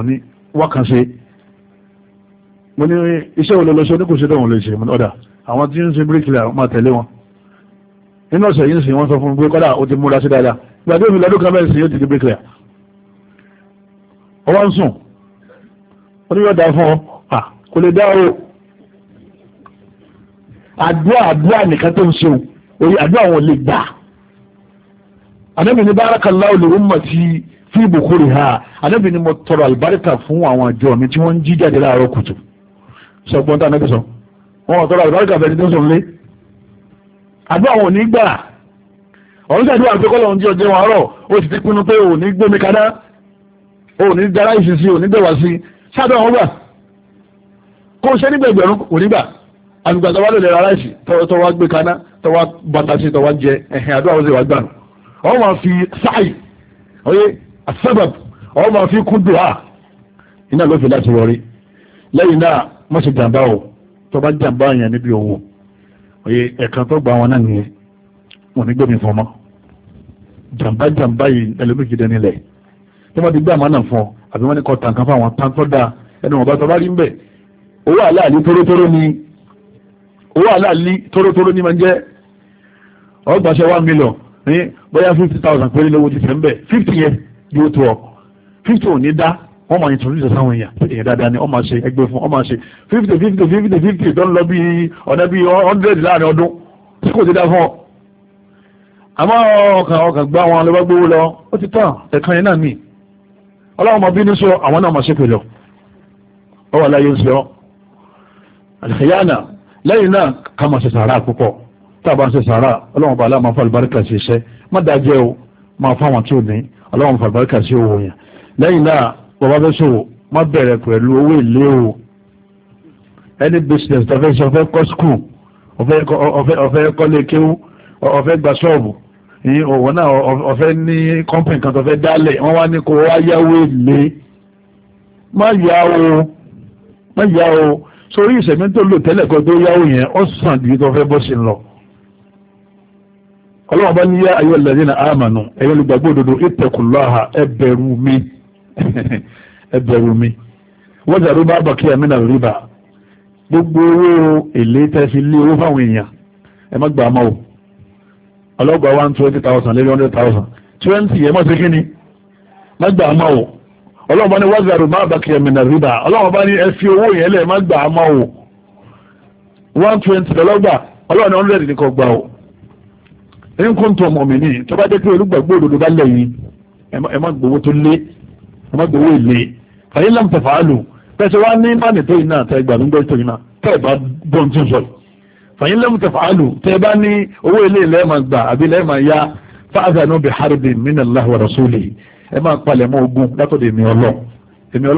wá wákàn ṣe mo ní iṣẹ́ olólọ́ṣọ́ ní kò ṣe tóun lè ṣe mo ní ọ̀dà àwọn tí ń ṣe bíríkìlà máa tẹ̀lé wọn nínú ọ̀sẹ̀ yìí ń sìn wọ́n sọ fún mi pé kọ́dà ó ti múra sí dáadáa gbàgbé mi lọ́dún kan bẹ́ẹ̀ sìn yóò ti di bíríkìlà ọwọ́ ń sùn ó ní yóò dá fún ọ kò lè dá o àdúrà àdúrà nìkan tó ń ṣeun orí àdúrà wọn lè gbà àdébìnrin bárakàlá olè ó mọ̀ sí i fi bùkúrì ha anábì ni mo tọrọ àlùbáríkà fún àwọn àjọ mi tí wọ́n ń jí jáde láàárọ̀ kùtù sọgbọ́n tá anábì sọ wọn tọrọ àlùbáríkà fẹ́ni tó ń sọ nílé àdúrà wọn ò ní gbà ọ̀rọ̀ sí àdúrà pé kọ́lọ̀ ń jí ọjọ́ wọn rọ̀ ó sì ti pinnu pé ò ní kaná ò dára ìṣesí ò ní sí sábà wọn gbà kó o ṣe nígbẹ̀gbẹ̀rún kò ní gbà àgbà tó wá lè lera aláìsí tó wá gbé kaná tó wá bàtà sí tó wá jẹ ẹ̀hìn àdúrà wọn sì wá gbà wọn máa fi sáàyè àtẹ́bàb ọmọ fi kún dùn á iná ló fi láti rọrí lẹ́yìn náà má ṣe jàǹbá o tó bá jàǹbá yẹn níbi owó òye ẹ̀kan tó gba wọn náà nìyẹn wọn ní gbẹ̀mí fọmọ jàǹbá jàǹbá yìí ẹlòmíkì dẹni lẹ̀ tó bá ti gbé àmọ́ náà fún ọ àbí wọ́n ní kọ́ tàǹkan fún àwọn tàǹtọ́ dáa ẹnu ọ̀bá tó bá rí ń bẹ̀ owó àláàlí tórótóró ni owó àláàlí tórótóró ni máa ń jẹ́ ọgbàṣẹ́ one million ní bóyá fifty thousand péré lówó ti fẹ́ ń bẹ̀ fifty yẹn yóò tó ọ fifty ò ní dá wọ́n máa introduce sáwọn èèyàn pé èèyàn dáadáa ni wọ́n máa ṣe ẹgbẹ́ fún wọ́n máa ṣe fifty fifty fifty fifty tó ń lọ bí ọ̀nà bí hundred láàrin ọdún tí kò ti dá fún ọ. àmọ́ ọkàn ọkàn gbá wọn lọ́wọ́ gbówó lọ ó ti tán ẹ̀kan yẹn náà nì ọlọ́run máa bínú sọ àwọn náà máa ṣe pẹ̀lú ọ wà láyé ń sọ àlìkèyànà lẹ́yìn náà ká máa ṣe sàárà púpọ̀ tá a bá ń ṣe sàárà ọlọ́run bá aláàmọ́ fún àlùbáríkà ṣiṣẹ́ má dájẹ́ o máa fáwọn tí ò ní ọlọ́run fàgbáríkà sí owó yẹn lẹ́yìn náà bàbá fẹ́ sòwò má bẹ̀rẹ̀ pẹ̀lú owó èlé o any business tó fẹ́ ṣe ọ̀fẹ́ kọ́ school ọ̀fẹ́ kọ́lé kéwú ọ̀fẹ́ gba ṣọ́ọ̀bù ní òwò náà ọ̀fẹ́ ní company kan tó fẹ́ dálẹ̀ wọ́n wá ní kó wá yáwó èlé má yá o má yá o sórí ìṣẹ̀mí tó lò tẹ́lẹ̀ kan tó yáwó yẹn ó sàn ju tó fẹ́ bọ́ sí lọ ọlọ́wọ́n bá ní yá ayé ọ̀lẹ́dínà àmànù ẹ̀yọ́ olùgbàgbọ́ òdodo ìtẹ̀kùláhà ẹbẹ̀rù mi ẹbẹ̀rù mi wọ́n jàdó bá bàkí àmìnà rìbà gbogbo owó èlé tẹ́sí lé owó fáwọn èèyàn ẹ má gbà máa o ọlọ́gbà one twenty thousand lé hundred thousand twenty ẹ má ṣe kí ni má gbà máa o ọlọ́wọ́n bá ní wọ́n jàdó bá bàkí àmìnà rìbà ọlọ́wọ́n bá ní ẹ fi owó yẹn lẹ̀ má gbà máa o one twenty ọlọ́gbà ọlọ́wọ́n ní hundred ní kò gbà o ẹ̀yìn kò ń tọ́ ọmọ mi ní tó bá jẹ́ pé olùgbàgbọ́ òdodo bá lẹ́yìn ẹ má gbowó tó lé ẹ má gbowó èlé fàyín làm tẹ̀fà á lò pẹ̀sẹ̀ wá ní mánì tó iná tẹ̀ gbà nígbà tó iná tẹ̀ bá gbọ́n tí ń sọ yìí fàyín làm tẹ̀fà á lò tẹ̀ bá ní owó èlé lẹ́ẹ̀mà gbà àbí lẹ́ẹ̀mà ya fa'adhanu bi harbin minallahi wa rasulihi ẹ máa palẹ̀ mọ́ ogun látọ̀dọ̀ èmi ọlọ́run èmi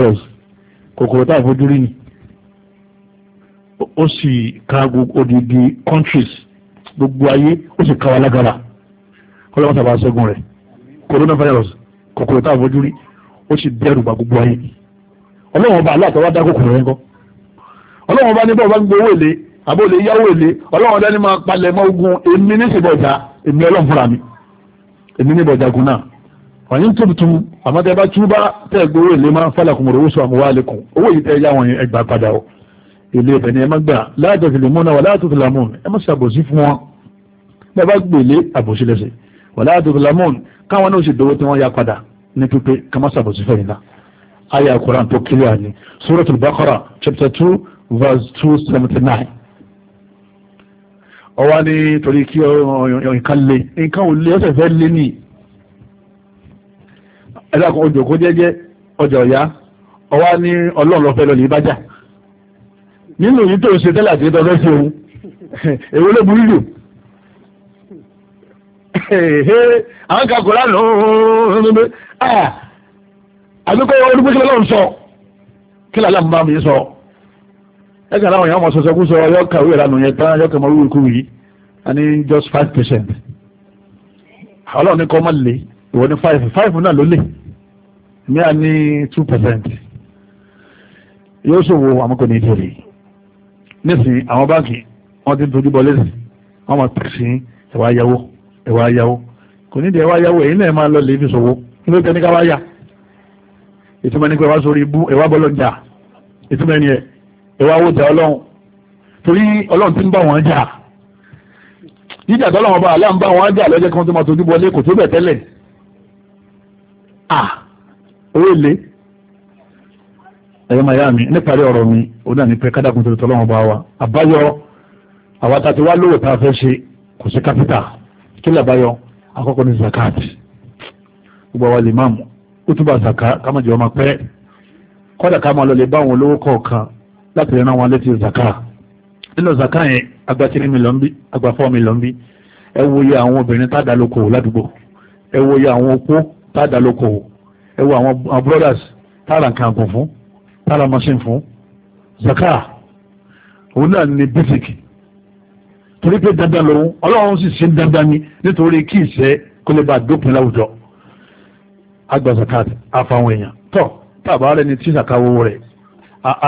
ọlọ́run kòkòrò tá a fojú rí ni ó sì ka odidi countries gbogbo ayé ó sì ka wa lágara ọlọ́wọ́n sábà ṣẹ́gun rẹ̀ coronavirus kòkòrò tá a fojú rí ó sì dẹ́rù bà gbogbo ayé ọlọ́wọ́n ọba aláàtọ̀ wá dá kòkòrò yẹn gan ọlọ́wọ́n ọba níbọ̀ bá ń gbowó èlé àbó lè yáwó èlé ọlọ́wọ́n ọdẹ ní máa palẹ̀ mọ́ ogun èmi ní ìsìnbọ̀jà èmi ọlọ́run fúnra mi èmi ní ìbọ̀jà gun náà fàyín tóbitún àmọ́tẹ́ bá túbá tẹ́ gbowó ilé máa ń fàlà kún mọ̀rọ̀ wọ́sọ̀ àmúwá lẹ́kùn owó yìí tẹ́ yá wọn yẹn ẹgbàá padà o ilé ibẹ̀ ni ẹ má gbà láàjọ tìlẹ̀ mọ́nà wà láàtò tìlẹ̀ mọ́n ẹ má ṣàbòsí fún wọn bẹ́ẹ̀ bá gbèlé àbòsí lẹ́sẹ̀ wà láàtò tìlẹ̀ káwọn náà sì dọwọ́ tí wọ́n yá padà ní pípé ká má ṣàbòsí fẹ́ nìyà ayé àkùrán tó kílíà ni suratul Baqara chapter two verse two seventy nine ọwọ́ ni torí kí nǹkan ẹ̀dàkùn ọjọ́ kó jẹ́jẹ́ ọjà ọ̀yá ọwá ní ọlọ́run lọ́fẹ́ lọ́lẹ̀ ìbájà nínú yìí tó ń ṣe tẹ́lẹ̀ àti tọ́lẹ́ sí òun èwo ló burú jù àwọn kan kò lánàá àbíkọ́ olùgbé kí lọ́run sọ kí lálẹ́ àmúbá mi sọ ẹgbẹ́ àwọn èèyàn ọmọ sọ̀sọ̀ kú sọ yọ kàwé ìlànà yẹn tán yọ kàmọ́ wíwí kú yìí a ní just five percent ọlọ́run ní kọ́ mọ́ lè ìwọ ní five five náà ló lè mìíràn ní two percent yóò ṣòwò àwọn kò ní í tèrè nísìnyí àwọn báńkì wọ́n ti ń tojú bọ lẹ́sìn wọ́n máa pèsè ẹ̀wà ayáwó ẹ̀wà ayáwó kò ní di ẹ̀wà ayáwó èyí náà máa lọ lè fi ṣòwò kí ló tẹ́ ní ká wá yà ìtumọ̀ ní pé wá sórí ibú ẹ̀wà bọ́lọ̀ jà ìtumọ̀ ẹni ẹ̀ ẹ̀wà owó jà ọlọ́run torí ọlọ́run ti ń bá wọn jà jíjà tọ́lọ́wọ́n bá aláǹbá wọn jà lọ́jọ́ kan tó máa tójú bọlé kò tó bẹ̀ tẹ́lẹ̀ à owó èlé ẹ̀yọ́ màyá mi níparí ọ̀rọ̀ mi ó dà ní pé kádàkùn tó tọ́lọ́wọ́n bá wa àbáyọ àwọn tá a ti wá lówó tá a fẹ́ ṣe kò sí kápítà kí lè àbáyọ àkọ́kọ́ ní zakat gbogbo àwọn lè ó túbọ̀ zaka ká má jẹ́ ọmọ pẹ́ kọ́dà ká máa lọ lè bá àwọn olówó kọ̀ọ̀kan láti rẹ̀ náà wọn létí zaka nínú zaka yẹn agba three million bí agba four million bí ẹ wo iye àwọn obìnrin tá a dá lóko ládùúgbò ẹ wo iye àwọn opó Tada lókòwò ẹ wo àwọn brothers táàrà nǹkan àgùn fún táàrà machine fún zaka òun náà ni basic torí pé dandan lòun ọlọ́run sì ṣe dandan ni nítorí kí ìṣẹ́ kó lè bá dópin láwùjọ agba zakat àfàwọn èèyàn tọ́ tàbá rẹ̀ ni tí ìṣàkáwó rẹ̀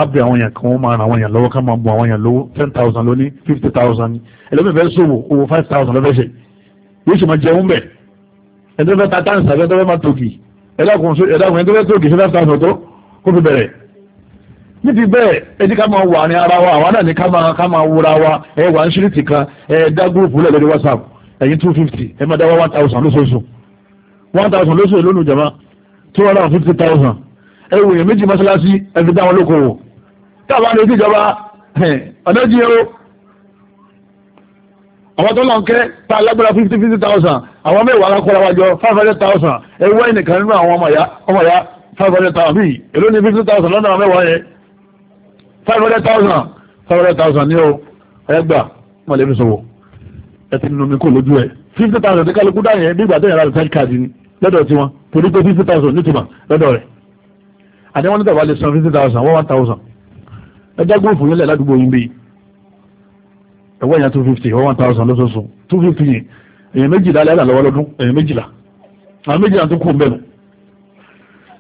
àbẹ̀ àwọn èèyàn kan ó máa ràn àwọn èèyàn lọ́wọ́ ká máa bu àwọn èèyàn lówó ten thousand lóní fifty thousand ẹlẹ́mìí fẹ́ sòwò owó five thousand lọ́fẹ́ ṣe yóò sì máa jẹun bẹ́ẹ̀ ẹ̀dọ́ fẹ́ ta táǹsì àbẹ́tọ́ fẹ́ máa tòkì ẹ̀dọ́kùnrin tó fẹ́ tòkì fẹ́ fẹ́ tàǹsì ọ̀tọ́ kó fi bẹ̀rẹ̀ ní ti bẹ́ẹ̀ ẹni ká máa wà ní ara wa àwọn náà ní ká máa ká wúra wa ẹ wà ṣíríìtì kan ẹ gúrùpù lẹ̀ lórí whatsapp ẹ̀yin two fifty ẹ máa dá wá one thousand lóṣooṣù one thousand lóṣooṣù lónìí jama two hundred and fifty thousand ẹ wòye méjì mọ́ṣáláṣí ẹ fi dá wọn lókòwò táwọn àti ìjọba àwọn tó lọ́n kẹ́ ta alágbára fifty fifty thousand àwọn mẹ́wàá alákọ̀ọ́ra wájọ five hundred thousand ẹ̀wọ́ ẹnìkan nínú àwọn ọmọ ìyá ọmọ ìyá five hundred thousand bíi èló ni fifty thousand lọ́nà àwọn mẹ́wàá yẹn five hundred thousand five hundred thousand ní o ẹgbà mọ̀lẹ́bí sọ̀wọ́ ẹ ti nù mí kò lójú ẹ fifty thousand ní kálukú dá yẹn bí ìgbà tó yẹn láti tẹ́lẹ̀ káàdì ni lọ́dọ̀ tiwọn torí pé fifty thousand nítumọ̀ lọ́dọ̀ rẹ̀ àdéhùn nígbà wà lè san fifty thousand one one thousand ẹ dá gbóòfù ẹ̀wọ́ èèyàn two fifty or one thousand lóṣooṣù two fifty yìí èèyàn méjìlá lẹ́yìn àlọ́wọ́ lọ́dún èèyàn méjìlá àwọn méjìlá tó kù mẹ́nu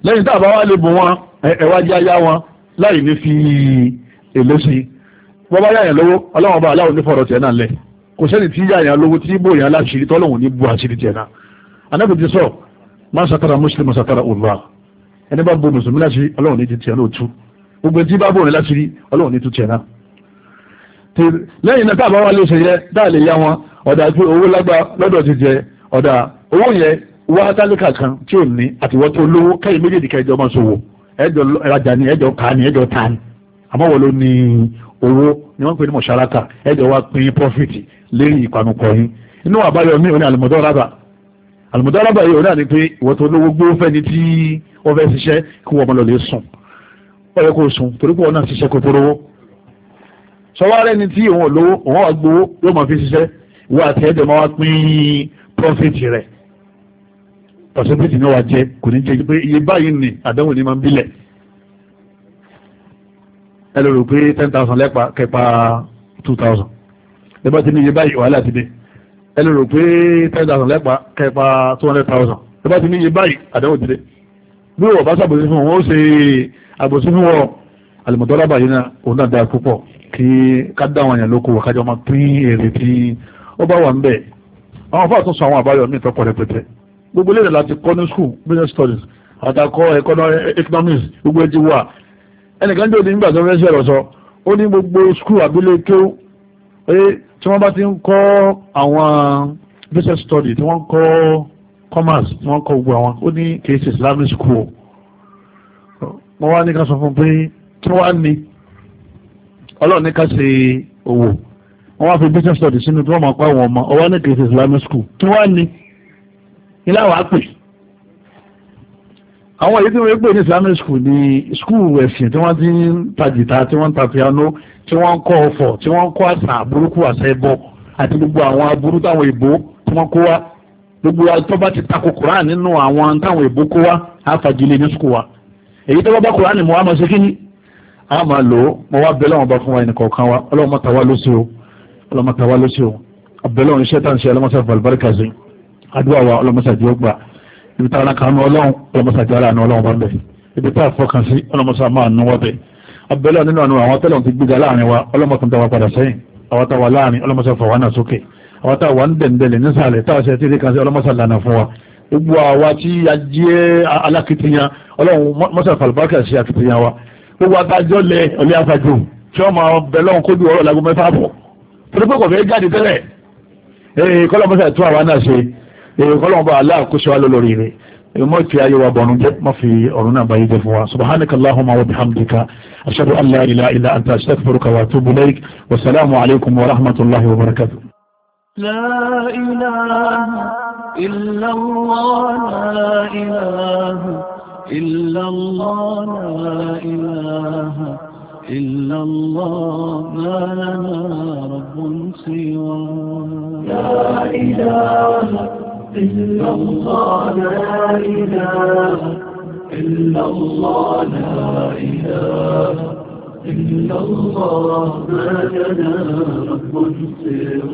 lẹ́yìn tá a bá wá lè bò wọn ẹ̀wá jẹ́ ayá wọn láì ní fi èlé sí i wọ́n bá yáyàn lówó ọlọ́wọ́n bá aláwọ̀ ní fọ̀rọ̀ tiẹ̀ náà lẹ̀ kò sẹ́ni tí yáyàn lówó tí bò yàn láṣìírí tọ́lọ́hùn ní bu àṣírí tiẹ̀ náà anábì ti sọ máa sàtara mùsùlùmí sàtara òlùwà ẹni bá bo mùsùlùmí láṣìírí ọlọ́hùn ní ti tiẹ̀ náà tú gbogbo ẹni tí bá bò rẹ̀ láṣìírí ọlọ́hùn ní tu tiẹ̀ náà lẹ́yìn náà táàbá wa lè ṣe yẹ dáà lè yá wọn ọ̀dà pé owó lágbà lọ́dọ̀ ti jẹ ọ̀dà owó yẹn wá tálíkà kan tí ò ní àtiwọ́ tó lówó kẹ́yìn méjèèjì kẹjọ máa ṣòwò ẹjọ rajà ni ẹjọ ká ni ẹjọ ta ni àmọ́ wọ́n ló ní owó ni wọ́n pè ní mọ̀ṣáláta ẹjọ wa pín pọ́fìtì lérí ìpanupọ̀ yín inú àbáyọ mi òní àlùmọ̀dọ́rábà àlùmọ̀dọ́rábà yìí òní àní pé ìwọ́n tó lówó gbó fẹ́ni tí wọ́n fẹ́ ṣiṣẹ́ kí wọ́n mọ̀ lọ lè sùn ọ̀rẹ́ kò sùn torí pé wọ́n náà ṣiṣẹ́ kó tó rówó sọwárẹ́ ni tí òun olówó òun àgbowó yóò máa fi ṣiṣẹ́ ìwọ àti ẹ̀dẹ̀ máa wá pín prọ́fìtì rẹ̀ pọ̀sẹ̀pẹ̀tì ni wàá jẹ kò ní jẹ pé iye báyìí ni àdánwò ni máa ń bílẹ̀ ẹ lè rò pé ten thousand lẹ́pa kẹpa two thousand ẹ bá ti ní iye báyìí wàhálà ti dé ẹ lè rò pé ten thousand lẹ́pa kẹpa two hundred thousand ẹ bá ti ní iye báyìí àdánwò ti dé bí wọ́n bá ṣàbòsí fún wọn ó ṣe àbòsí fún wọn àlùmọ̀tọ́lábà kí kádà wọn yàn lóko kájọ máa pín èrè tí ó bá wà ń bẹ̀ àwọn fáwọn tó sọ àwọn àbáyọ míì tọ́pọ̀ rẹpẹtẹ gbogbo ilé ìlànà ti kọ́ ní school business studies àtàkọ́ economics gbogbo ẹtì wà ẹnìkan jẹ́ òní nígbà tó fẹ́ sẹ̀rọ̀ sọ ó ní gbogbo school abúlé kéw tí wọ́n bá ti ń kọ́ àwọn business studies, tí wọ́n kọ́ commerce tí wọ́n kọ́ gbogbo àwọn ó ní kì í ṣe islamic school wọ́n wá ní ká sọ fún pé kí wọ́n á ní ọlọ́run ní ká ṣe òwò wọ́n wá fi business study sínú tí wọ́n máa pa àwọn ọmọ ọwọ́ ní kìí ṣe islamic school tí wọ́n ní ilé àwọn àpè àwọn èyí tí wọ́n pè ní islamic school ní school ẹ̀sìn tí wọ́n ti ń ta jìtá tí wọ́n ń ta piano tí wọ́n ń kọ́ ọ̀fọ̀ tí wọ́n ń kọ́ àṣà burúkú àṣà ẹbọ àti gbogbo àwọn aburú táwọn ìbò tí wọ́n kó wá gbogbo àtọ́ bá ti takò Kùránì nínú àwọn táwọn ìbò kó wá á ní school wa èyí tó bá bá Kùránì mọ́ àmọ́ ṣe kí ni a máa lò ó mo wá bẹ́ẹ̀ lọ́wọ́ bá fún wa ẹnì kọ̀ọ̀kan wa ọlọ́mọ tàwa ló sí o ọlọ́mọ tàwa ló sí o abẹ́lẹ́ òun iṣẹ́ tá à ń ṣe ọlọ́mọṣẹ́ balibarika adúlá wa ọlọ́mọṣẹ́ àjọ gbà ibi tá a ra kàánú ọlọ́run ọlọ́mọṣẹ́ àjọ àánú ọlọ́run bá bẹ̀ ibi tá a fọkàn sí ọlọ́mọṣẹ́ máa nú wá bẹ̀ abẹ́lẹ́ nínú àwọn àwọn tẹ́lẹ̀ ti gbígbà láàrin wa ọlọ́mọkùn tàwa padà sẹ́yìn àwọn tàwa láàrin ọlọ́mọṣẹ́ fọwọ́ náà sókè àwọn tàwa ń dẹ̀ndẹ̀lẹ̀ nísàlẹ̀ táwọn ṣe tíri kan sí wa gbogbo àwa tí a jẹ́ alákìtìyàn ọlọ́run mọ́ṣẹ́ fàlùbákà sí akìtìyàn wa tó wá dájọ́ lẹ ọ̀lẹ́ afájú tí wọ́n máa bẹ lọ́hùn kó ju ọ̀rọ̀ lágbo mẹ́fà bọ̀ torí pé kò fẹ́ jáde tẹ́lẹ̀ ee kọ́lọ́mọ sẹ́ tún àwa náà ṣe ee kọ́lọ́mọ bá aláàkóso wa lórí rẹ̀ mọ ti ayé wa bọ̀rùn jẹ́ mọ́ fi ọ̀run náà báyé jẹ́ fún wa subhanaka allahumma wa bihamdika ashhadu an la ilaha anta astaghfiruka wa atubu ilaik wa salaamu alaykum wa rahmatullahi wa barakatuh. لا إله إلا الله لا إله إلا الله لا إله إلا الله ما لنا رب سوى لا إله إلا الله لا إله إلا الله لا إله إلا الله ما لنا رب سوى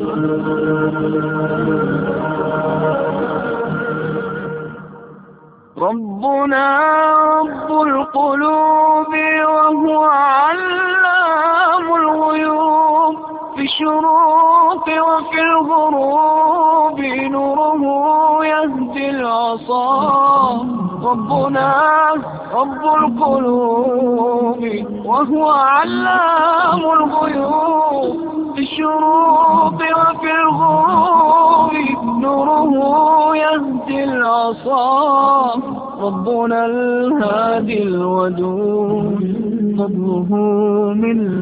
ربنا رب القلوب وهو علام الغيوب في الشروق وفي الغروب نوره يهدي العصا ربنا رب القلوب وهو علام الغيوب في الشروق وفي الغروب نوره يهدي العصا ربنا الهادي الودود فضله من